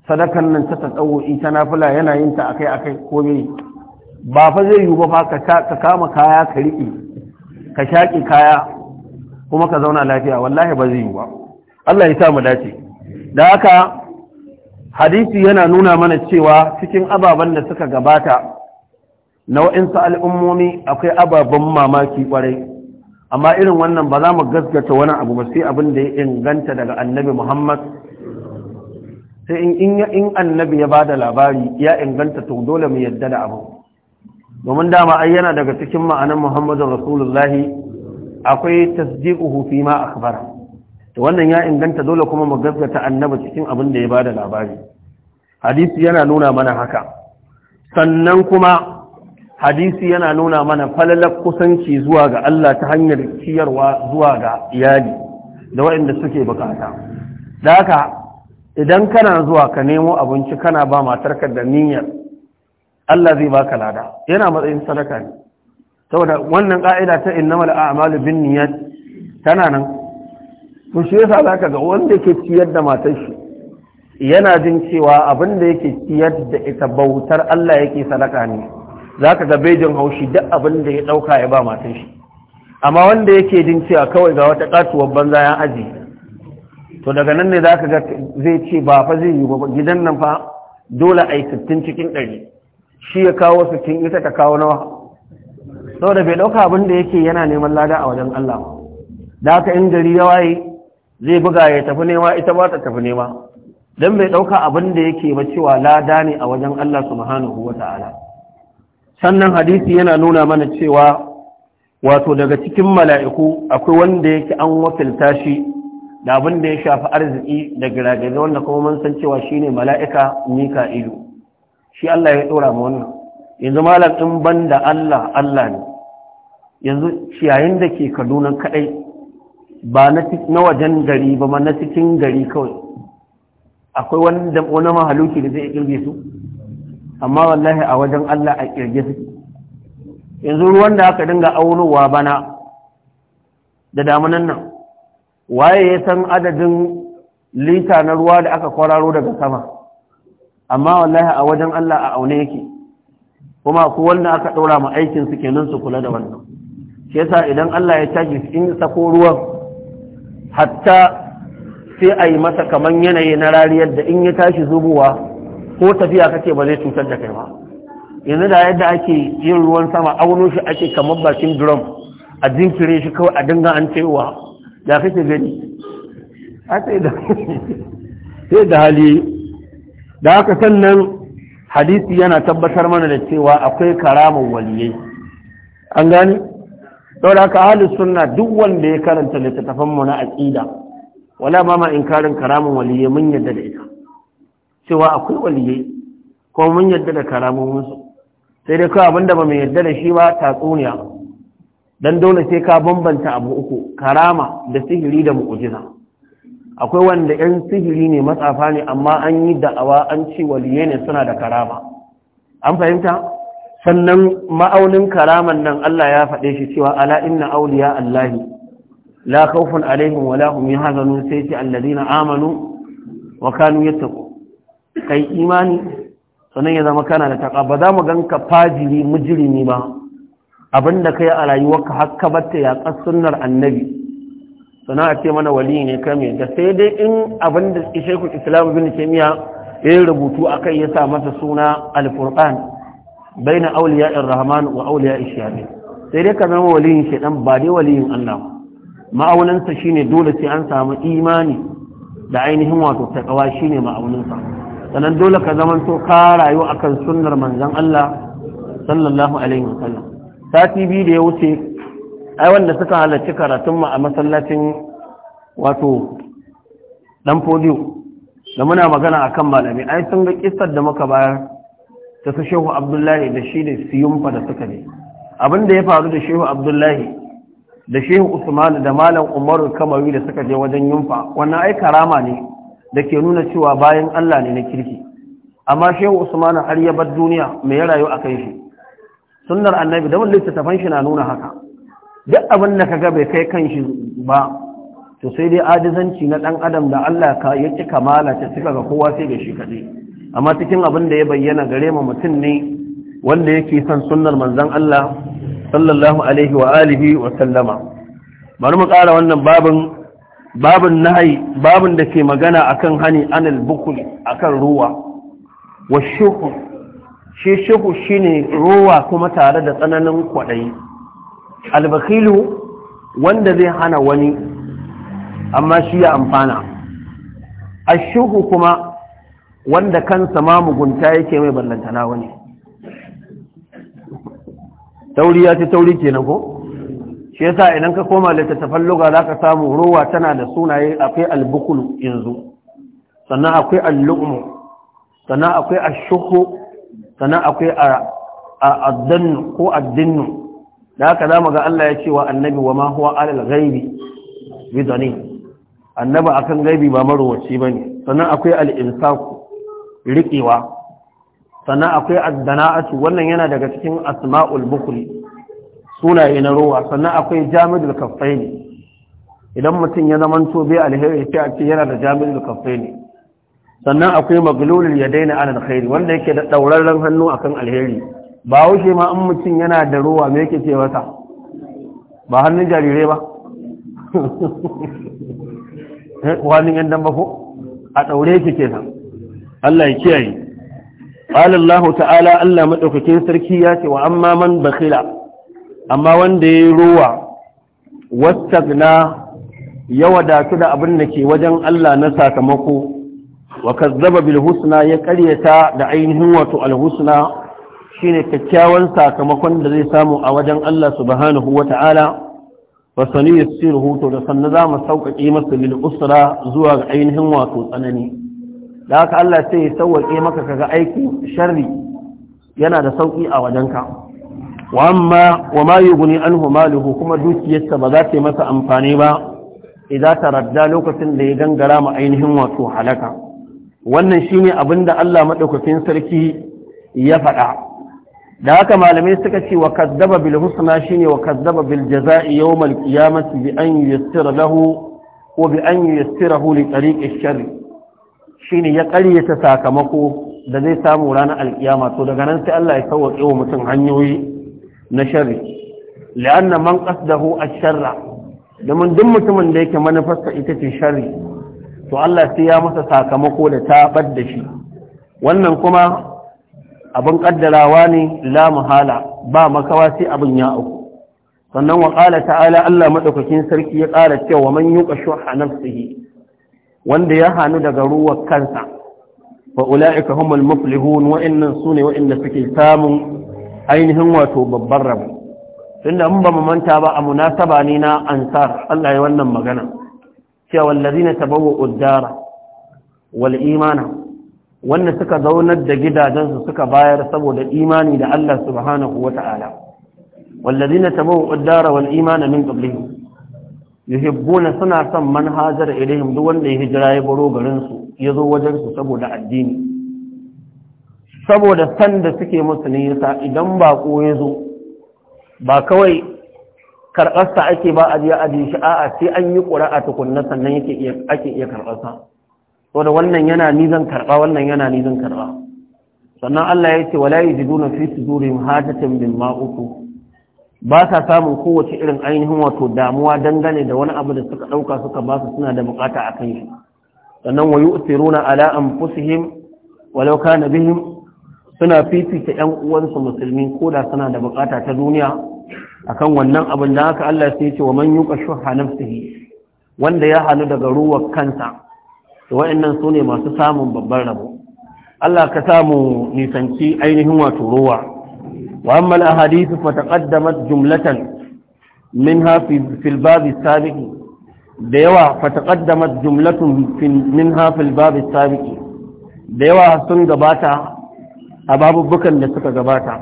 Speaker 1: sadakan nan ta tsawo'i ta nafula, yana yin ta akai akai ko me ba fa zai yiwu ba fa ka kama kaya ka riƙe ka shaƙi kaya kuma ka zauna lafiya wallahi ba zai yiwu ba Allah ya sa mu dace da haka hadisi yana nuna mana cewa cikin ababen da suka gabata na wa'insu al'ummomi akwai ababen mamaki kwarai amma irin wannan ba za mu gaskata wani abu ba sai abin da ya inganta daga annabi muhammad sai in annabi ya ba da labari ya inganta to dole mu yadda da abu domin dama ai yana daga cikin ma'anar Muhammadu rasulullahi akwai tasdiquhu fi ma akhbara to wannan ya inganta dole kuma mu gaskata annabi cikin abin da ya bada labari hadisi yana nuna mana haka sannan kuma hadisi yana nuna mana falalar kusanci zuwa ga Allah ta hanyar ciyarwa zuwa ga iyali da waɗanda suke bukata da haka idan kana zuwa ka nemo abinci kana ba matarka da niyyar Allah zai baka lada yana matsayin sadaka ne saboda wannan ka'ida ta innamal a'malu binniyat tana nan to shi yasa zaka ga wanda ke ciyar da matar shi yana jin cewa abin da yake ciyar da ita bautar Allah yake sadaka ne zaka ga bejin haushi duk abin da ya dauka ya ba matar shi amma wanda yake jin cewa kawai ga wata katuwar banza ya aji to daga nan ne zaka ga zai ce ba fa zai yi ba gidan nan fa dole a yi sittin cikin ɗari shi ya kawo sittin ita ta kawo nawa saboda bai ɗauka abin da yake yana neman lada a wajen Allah da haka in gari ya waye zai buga ya tafi nema ita ba ta tafi nema dan bai ɗauka abin da yake ba cewa lada ne a wajen Allah subhanahu wata'ala sannan hadisi yana nuna mana cewa wato daga cikin mala'iku akwai wanda yake an wakilta shi da abin da ya shafi arziki da giragizai wanda kuma mun san cewa shine mala'ika mika'ilu shi Allah ya dora mu wannan yanzu malam din banda Allah Allah ne yanzu shi yayin da ke Kaduna kadai ba na wajen gari ba ma na cikin gari kawai akwai wani wani mahaluki da zai kirge su amma wallahi a wajen Allah a kirge su yanzu ruwan da aka dinga aunowa bana da damunan nan waye ya san adadin lita na ruwa da aka kwararo daga sama amma wallahi a wajen Allah a aune yake kuma ku wanda aka ɗora ma aikin su kenan su kula da wannan shi yasa idan Allah ya tashi in sako ruwan hatta sai a yi masa kaman yanayi na rariyar da in ya tashi zubuwa ko tafiya kake ba zai cutar da kai ba yanzu da yadda ake yin ruwan sama auno shi ake kamar bakin drum a jinkire shi kawai a dinga an cewa da kake gani a sai da hali da haka sannan hadisi yana tabbatar mana da cewa akwai karamar waliyai an gani saboda haka ahlus sunna duk wanda ya karanta littattafan mu na aqida wala ma ma inkarin karamin waliyyi mun yadda da ita cewa akwai waliyyi ko mun yadda da karamin musu sai dai kawai abinda ba mu yadda da shi ba tatsuniya dan dole sai ka bambanta abu uku karama da sihiri da mu'jiza akwai wanda yan sihiri ne matsafa ne amma an yi da'awa an ce waliyyi ne suna da karama an fahimta sannan ma'aunin karaman nan Allah ya faɗe shi cewa ala inna awliya Allahi la khawfun alaihim wa la hum yahzanun sai ce alladina amanu wa kanu yattaqu kai imani sannan ya zama kana da taƙa ba za mu ganka fajiri mujirimi ba abinda kai a rayuwarka ka ka batta yaƙar sunnar annabi sana a ce mana wali ne kame da sai dai in abinda shekul islam bin taimiya ya rubutu akai ya sa masa suna alfurqan baina أولياء rahman wa awliya'ish shayatin sai dai ka zama waliyin shaidan ba dai waliyin Allah ma'aunansa shine dole sai an samu imani da ainihin wato takawa shine sannan dole ka zama to ka rayu a kan sunnar manzan Allah sallallahu alaihi wa sallam. sati biyu da ya wuce ai wanda suka halarci karatun mu a masallacin wato dan da muna magana akan malami ai sun ga kissar da muka bayar ta su shehu abdullahi da shi da siyumfa da suka ne abin da ya faru da shehu abdullahi da shehu usman da malam umaru kamaru da suka je wajen yumfa wannan ai karama ne da ke nuna cewa bayan allah ne na kirki amma shehu usman har ya bar duniya mai rayu a kan shi sunnar annabi da littattafan shi na nuna haka duk abin da ka ga bai kai kan shi ba to sai dai adizanci na ɗan adam da allah ya ci kamala ta cika ga kowa sai da shi kaɗai amma cikin abin da ya bayyana gare mu mutum ne wanda yake son sunnar manzon Allah sallallahu alaihi wa alihi wa sallama bari mu ƙara wannan babin babin babin da ke magana akan hani anil bukul akan ruwa wa shuhu shi shuhu shine ruwa kuma tare da tsananin kwaɗayi albakilu wanda zai hana wani amma shi ya amfana ashuhu kuma wanda kansa ma mugunta yake mai ballantana wani tauri ya ce tauri kenan ko shi yasa idan ka koma littattafan luga ka samu ruwa tana da sunaye akwai albukulu yanzu sannan akwai allu'umu sannan akwai ashuhu sannan akwai addannu ko addinnu da haka mu ga Allah ya ce wa annabi wa ma huwa alal ghaibi bidani annabi akan gaibi ba marwaci bane sannan akwai al-insaku riƙewa sannan akwai addana'atu wannan yana daga cikin asma'ul bukhari sunaye na ruwa sannan akwai jami'ul kaffain idan mutum ya zama to bai alheri sai a ce yana da jami'ul kaffain sannan akwai maglulul yadaina ala alkhairi wanda yake da daurarren hannu akan alheri ba wuce ma in mutum yana da ruwa me yake ce masa ba hannun jarire ba wani yan dan bako a daure yake kenan Allah ya kiyaye qala Allah ta'ala Allah madaukakin sarki ya ce wa amma man bakhila amma wanda yayi ruwa wastagna ya wadatu da abin da ke wajen Allah na sakamako wa kazzaba bil husna ya karyata da ainihin wato al husna shine kyakkyawan sakamakon da zai samu a wajen Allah subhanahu wa ta'ala wa sani to da sannan za mu sauƙaƙe masa lil usra zuwa ga ainihin wato tsanani da haka Allah sai ya sauwake maka kaga aiki sharri yana da sauki a wajenka wa amma wa ma yughni anhu maluhu kuma dukiyarsa ba za ta yi masa amfani ba idan ta radda lokacin da ya gangara ma ainihin wato halaka wannan shine abin da Allah madaukakin sarki ya faɗa da haka malamai suka ce wa kaddaba bil husna shine wa kaddaba bil jazaa'i yawm al qiyamati bi an yassira lahu wa bi an yassirahu li ash-sharr shine ya ta sakamako da zai samu ranar alkiyama to daga nan sai Allah ya sauwaƙe wa mutum hanyoyi na sharri la'anna man a ash-sharra domin duk mutumin da yake manufarsa ita ce sharri to Allah sai ya masa sakamako da tabar da shi wannan kuma abin kaddarawa ne la muhala ba makawa sai abin ya sannan wa qala ta'ala Allah maɗaukakin sarki ya ƙara cewa man yuka shuha nafsihi wanda ya hannu daga ruwa kansa wa ula'ika humul muflihun ne sune wa'anda suke samun ainihin wato babban rabu tunda mun ba mu manta ba a munasaba ne na ansar Allah ya wannan magana cewa wallazina tabawwa'u ad-dara wal imana wanda suka zaunar da gidajensu suka bayar saboda imani da Allah subhanahu wa ta'ala wallazi na tabo uddara wal imana min qablihim yuhibbuna suna son manhajar ilaihim duk wanda ya hijira ya baro garin su ya zo wajen su saboda addini saboda san da suke musu ne yasa idan bako ya zo ba kawai sa ake ba a jiya ajiye shi a'a sai an yi ƙura'a tukunna sannan yake iya ake iya sa saboda wannan yana nizan karɓa wannan yana nizan karɓa sannan Allah ya ce wala yajiduna fi sudurihim hajatan mimma utu ba sa samun kowace irin ainihin wato damuwa dangane da wani abu da suka ɗauka suka ba su suna da bukata a kan shi sannan wayu, yu'thiruna ala anfusihim walau kana bihim suna fifita ƴan uwansu musulmi ko da suna da bukata ta duniya akan wannan abin da haka Allah sai ce wa man yuqa shuha wanda ya halu daga ruwa kansa to waɗannan sune masu samun babban rabo Allah ka samu nisanci ainihin wato ruwa وأما الأحاديث فتقدمت جملة منها في, في الباب السابق ديوا فتقدمت جملة في منها في الباب السابق ديوا سن غباتا أباب بكن لسك غباتا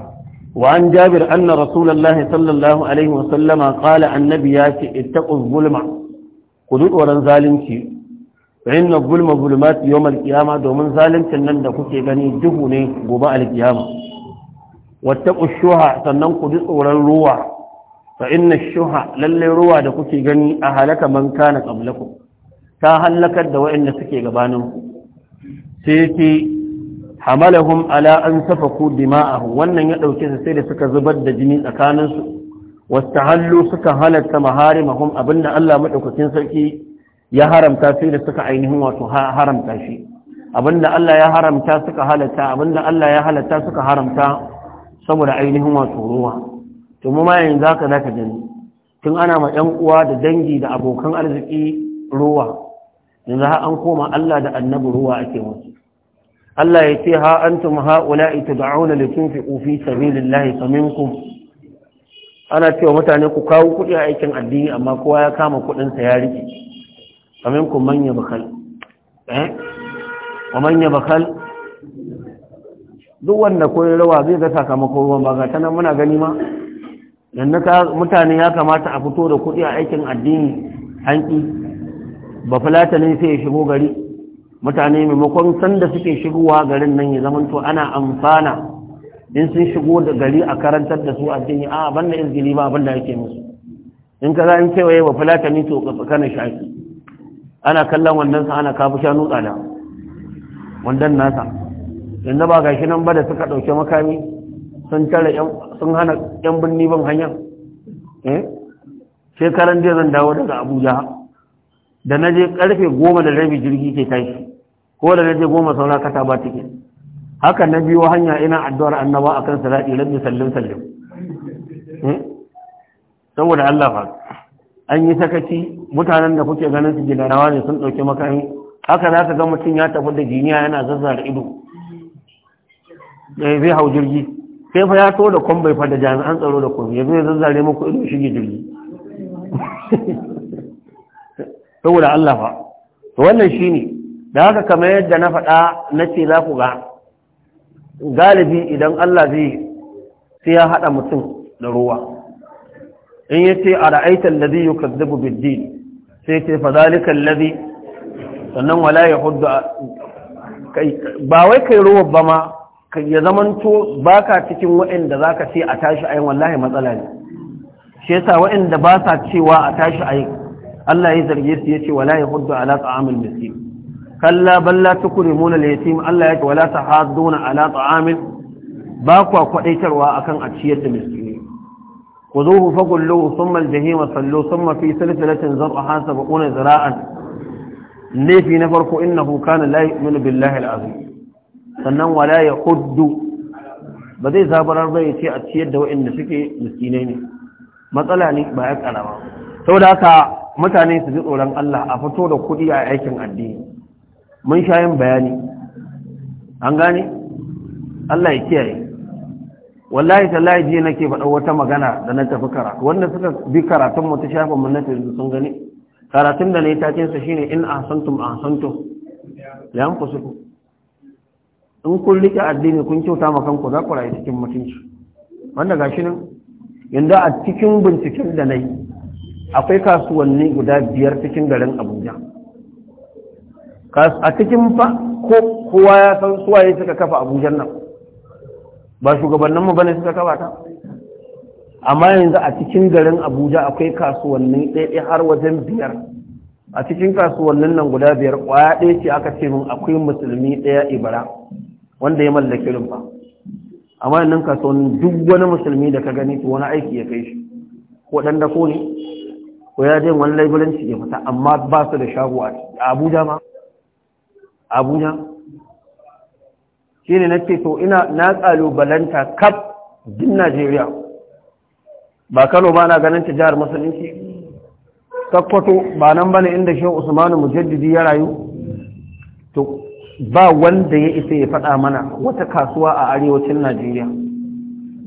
Speaker 1: وعن جابر أن رسول الله صلى الله عليه وسلم قال عن نبياتي اتقوا الظلم قدود ورن ظالمتي فإن الظلم ظلمات يوم القيامة دومن ظالمتي أنك كنت غني دهني غباء القيامة wattaqu shuha sannan ku ji tsoron ruwa fa inna shuha lalle ruwa da kuke gani a halaka man kana qablakum ta halakar da waɗanda suke gabanin ku sai ce hamalahum ala an safaku dima'ahu wannan ya dauke su sai da suka zubar da jini tsakanin su wastahallu suka halatta maharimahum abinda Allah madaukakin sarki ya haramta sai da suka ainihin wato haramta shi abinda Allah ya haramta suka halatta abinda Allah ya halatta suka haramta saboda ainihin wato ruwa to mu ma yanzu haka zaka gani tun ana ma ƴan uwa da dangi da abokan arziki ruwa yanzu ha an koma Allah da annabi ruwa ake musu Allah ya ce ha antum haula'i tad'una litunfiqu fi sabilillahi faminkum ana cewa mutane ku kawo kuɗi a aikin addini amma kowa ya kama kuɗinsa ya rike faminkum manya bakal. eh wa manya bakal duk wanda ko rawa zai ga sakamakon ruwan ba ga tanan muna gani ma ka mutane ya kamata a fito da kuɗi a aikin addini hanki ba fulata ne sai ya shigo gari mutane maimakon sanda suke shigowa garin nan ya to ana amfana in sun shigo da gari a karantar da su addini a ban da izgili ba abin da yake musu in ka za in kewaye wa fulata ne to kana shaki ana kallon wannan sa ana kafa shanu tsada wannan nasa yanzu ba gashi nan ba da suka ɗauke makami sun tare sun hana yan birni ban hanya eh? shekaran jiya zan dawo daga abuja da na je karfe goma da rabi jirgi ke tashi ko da na je goma saura kata ba take haka na biyo hanya ina addu'ar annaba akan salati rabbi sallim sallim eh? saboda Allah fa an yi sakaci mutanen da kuke ganin su gidarawa ne sun ɗauki makami haka za ka ga mutum ya tafi da jiniya yana zazzara ido da eh, zai hau jirgi sai fa ya to da kwan bai fada jami'an tsaro da kuma yanzu ya zazzare muku ido shige jirgi saboda Allah fa to wannan shine da haka kamar yadda na faɗa na ce za ku ga galibi idan Allah zai sai ya haɗa mutum da ruwa in ya ce a ra'aitar lazi yi kazzabu biddi sai ce fa fazalikan lazi sannan wala ya hudu a ba wai kai ruwa ba ma ya zamanto baka cikin waɗanda za ka ce a tashi ayin wallahi matsala ne shi yasa waɗanda ba sa cewa a tashi ayin Allah ya zarge su ce, wala ya hudu ala ta'amil miskin kalla balla tukrimuna al-yatim Allah ya ce wala ta haduna ala ta'amil ba kwa kwadaitarwa akan a ciyar da Ku khuduhu faghulluhu thumma al-jahima sallu thumma fi silsilatin zar'aha sab'una zira'an lafi na farko innahu kana la yu'minu billahi al-azim sannan wala ya huddu ba zai zabarar bai ce a ciyar da waɗanda suke miskinai ne matsala ne ba ya karama da haka mutane su ji tsoron Allah a fito da kuɗi a aikin addini mun sha yin bayani an gane Allah ya kiyaye wallahi tallahi ji nake faɗa wata magana da na tafi karatu wanda suka bi karatun mu ta shafin mu na su sun gane karatun da na yi takin shine in ahsantum ahsantum ya anfusukum in kun rike addini kun kyauta ma kanku za ku rayu cikin mutunci wanda gashi nan yanda a cikin binciken da na yi akwai kasuwanni guda biyar cikin garin abuja a cikin fa ko kowa ya san suwaye suka kafa Abuja nan ba shugabanninmu ba ne suka kafa ta amma yanzu a cikin garin abuja akwai kasuwannin ɗaiɗai har wajen biyar a cikin kasuwannin nan guda biyar kwaya ɗaya ce aka ce min akwai musulmi ɗaya Ibrahim. wanda ya mallaki rumfa amma ka kasuwannin duk wani musulmi da ka gani to wani aiki ya kai shi ko dan da ko ne ko ya je wani laibulanci ya fita amma ba su da shago a abuja ma abuja shine na ce to ina na Balanta kap din najeriya ba kano ba na ganin ta jihar musulunci sakkwato ba nan bane inda shehu usmanu mujaddidi ya rayu to ba wanda ya isa ya faɗa mana wata kasuwa a arewacin najeriya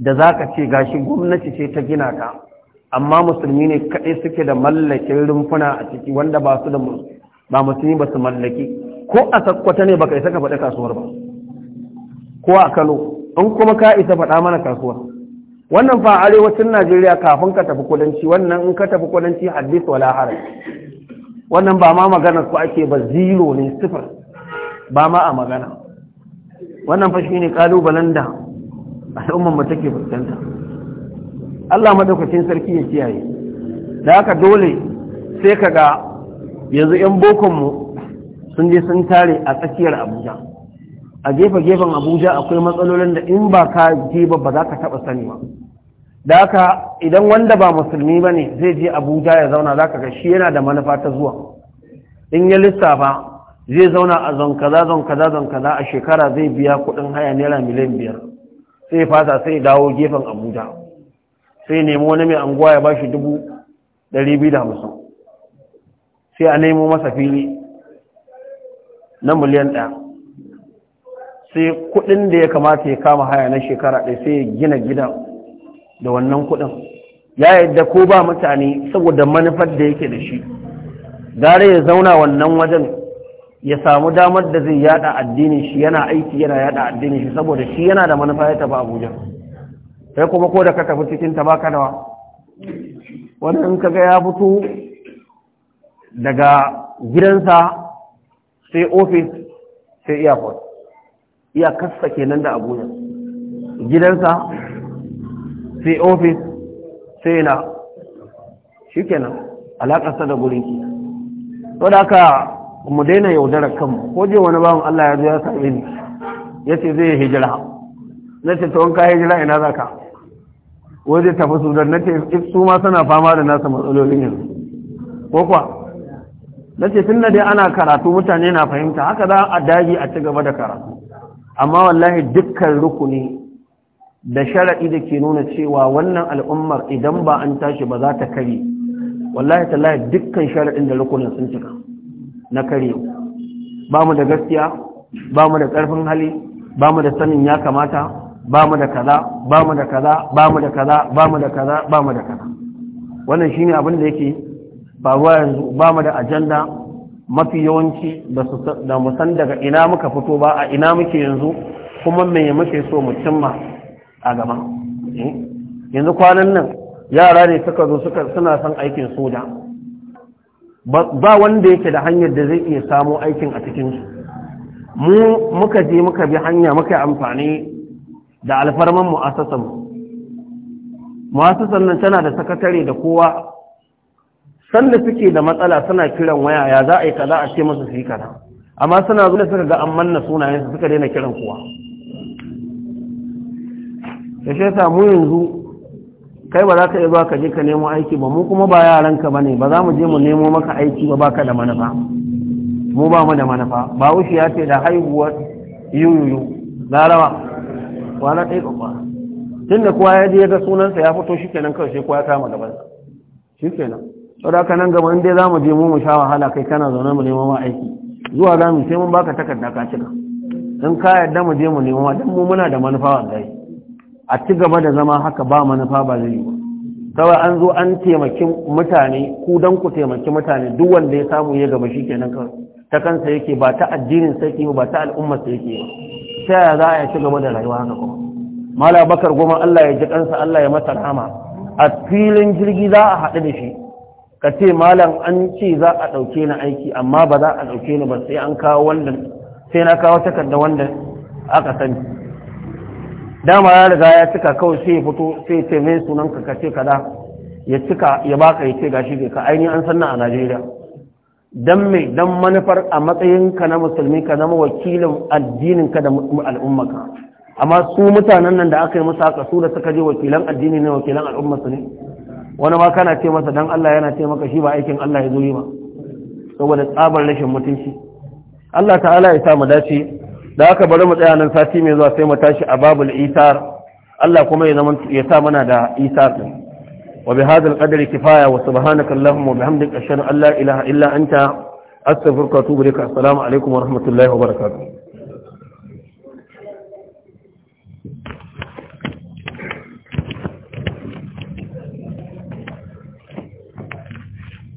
Speaker 1: da za ka ce gashi gwamnati ce ta gina ta amma musulmi ne kaɗai suke da mallakin rumfuna a ciki wanda ba su da ba musulmi ba su mallaki ko a sakkwata ne baka isa ka faɗi kasuwar ba ko a kano in kuma ka isa faɗa mana kasuwa wannan fa arewacin najeriya kafin ka tafi kudanci wannan in ka tafi kudanci hadis wala haraj wannan ba ma maganar ku ake ba zero ne sifar ba ma a magana wannan fashi ne kalubalen da al'ummar mu take fuskanta Allah madaukakin sarki ya kiyaye da haka dole sai kaga yanzu yan bokon mu sun je sun tare a tsakiyar Abuja a gefe gefen Abuja akwai matsalolin da in ba ka je ba ba za ka taba sani ba da haka idan wanda ba musulmi ba ne zai je abuja ya zauna za ka ga shi yana da manufa ta zuwa in ya lissafa zai zauna a zon kaza zon a shekara zai biya kuɗin haya naira miliyan biyar sai fasa sai dawo gefen abuja sai nemo wani mai anguwa ya bashi dubu ɗari biyu da hamsin sai a nemo masa fili na miliyan ɗaya sai kuɗin da ya kamata ya kama haya na shekara ɗaya sai ya gina gida da wannan kuɗin ya yadda ko ba mutane saboda manufar da yake da shi gare ya zauna wannan wajen ya samu damar da zai yada addinin shi yana aiki yana yada addinin shi saboda shi yana da manufa ya tafi abuja sai kuma ko da ka tafi cikin ta baka dawa wani in kaga ya fito daga gidansa sai ofis sai airport kasta kenan da abuja gidansa sai ofis sai na shi kenan alakarsa da gurinki wadda aka mu daina yaudara kanmu ko je wani bawan Allah ya zo ya same ni ya ce zai hijira na ce ta wanka hijira ina za ka waje tafi sudan na ce su ma suna fama da nasa matsalolin yanzu ko kuwa na ce tun da dai ana karatu mutane na fahimta haka za a daji a ci gaba da karatu amma wallahi dukkan rukuni da sharaɗi da ke nuna cewa wannan al'ummar idan ba an tashi ba za ta kare wallahi tallahi dukkan sharaɗin da rukunin sun cika na kare ba mu da gaskiya ba mu da ƙarfin hali ba mu da sanin ya kamata ba mu da kaza ba mu da kaza ba mu da kaza ba mu da kaza ba mu da kaza wannan shine abin da yake faruwa yanzu ba mu da ajanda mafi yawanci da mu san daga ina muka fito ba a ina muke yanzu kuma me muke so mu cimma a gaba eh? yanzu kwanan nan yara ne suka zo suka suna son aikin soja ba wanda yake da hanyar da zai iya samo aikin a cikinsu mu muka je muka bi hanya muka amfani da alfarman mu'asasan mu'asasan nan tana da sakatare da kowa sanda suke da matsala suna kiran waya ya za a yi kaza a ce musu su yi kaza amma suna zuwa suka ga an manna sunayen su suka daina kiran kowa da shi mu yanzu kai ba za ka iya zuwa ka je ka nemo aiki ba mu kuma ba yaranka ba ne ba za mu je mu nemo maka aiki ba baka da manufa mu ba mu da manufa ba wuce ya ce da haihuwar yuyuyu larawa kwana ɗaya ba tun da kowa ya je ga sunansa ya fito shi kenan kawai sai kowa ya kama gaban shi kenan to da nan gaba in dai za mu je mu mu sha wahala kai kana zaune mu nemo ma aiki zuwa za mu sai mun baka takarda ka cika in ka yarda mu je mu nemo ma dan mu muna da manufa wallahi a ci gaba da zama haka ba manufa ba zai yi kawai an zo an taimaki mutane ku dan ku taimaki mutane duk wanda ya samu ya gaba shi kenan kawai ta kansa yake ba ta addinin sarki ba ta al'ummar sa yake ba ta yaya za a ci gaba da rayuwa haka kuma mala bakar goma Allah ya ji kansa Allah ya masa rahama a filin jirgi za a haɗu da shi ka ce malam an ce za a ɗauke ni aiki amma ba za a ɗauke ni ba sai an kawo wanda sai na kawo takardar wanda aka sani dama ya riga ya cika kawai sai ya fito sai ya ce mai sunan ka kace kada ya cika ya baka ya ce gashi bai ka ainihin an sanna a Najeriya dan mai dan manufar a matsayin ka na musulmi ka zama wakilin addinin ka da al'ummaka amma su mutanen nan da aka yi musu haka su da suka je wakilan addini ne wakilan al'umma su ne wani ma kana ce masa dan Allah yana ce maka shi ba aikin Allah ya zo yi ba saboda tsabar rashin mutunci Allah ta'ala ya sa mu dace da haka bari mu tsaya nan sati mai zuwa sai mu tashi a babul isar Allah kuma ya zama ya sa mana da isar din wa bi hadal qadri kifaya wa subhanaka allahumma wa bihamdika ashhadu an la ilaha illa anta astaghfiruka wa atubu ilaik assalamu alaikum wa rahmatullahi wa barakatuh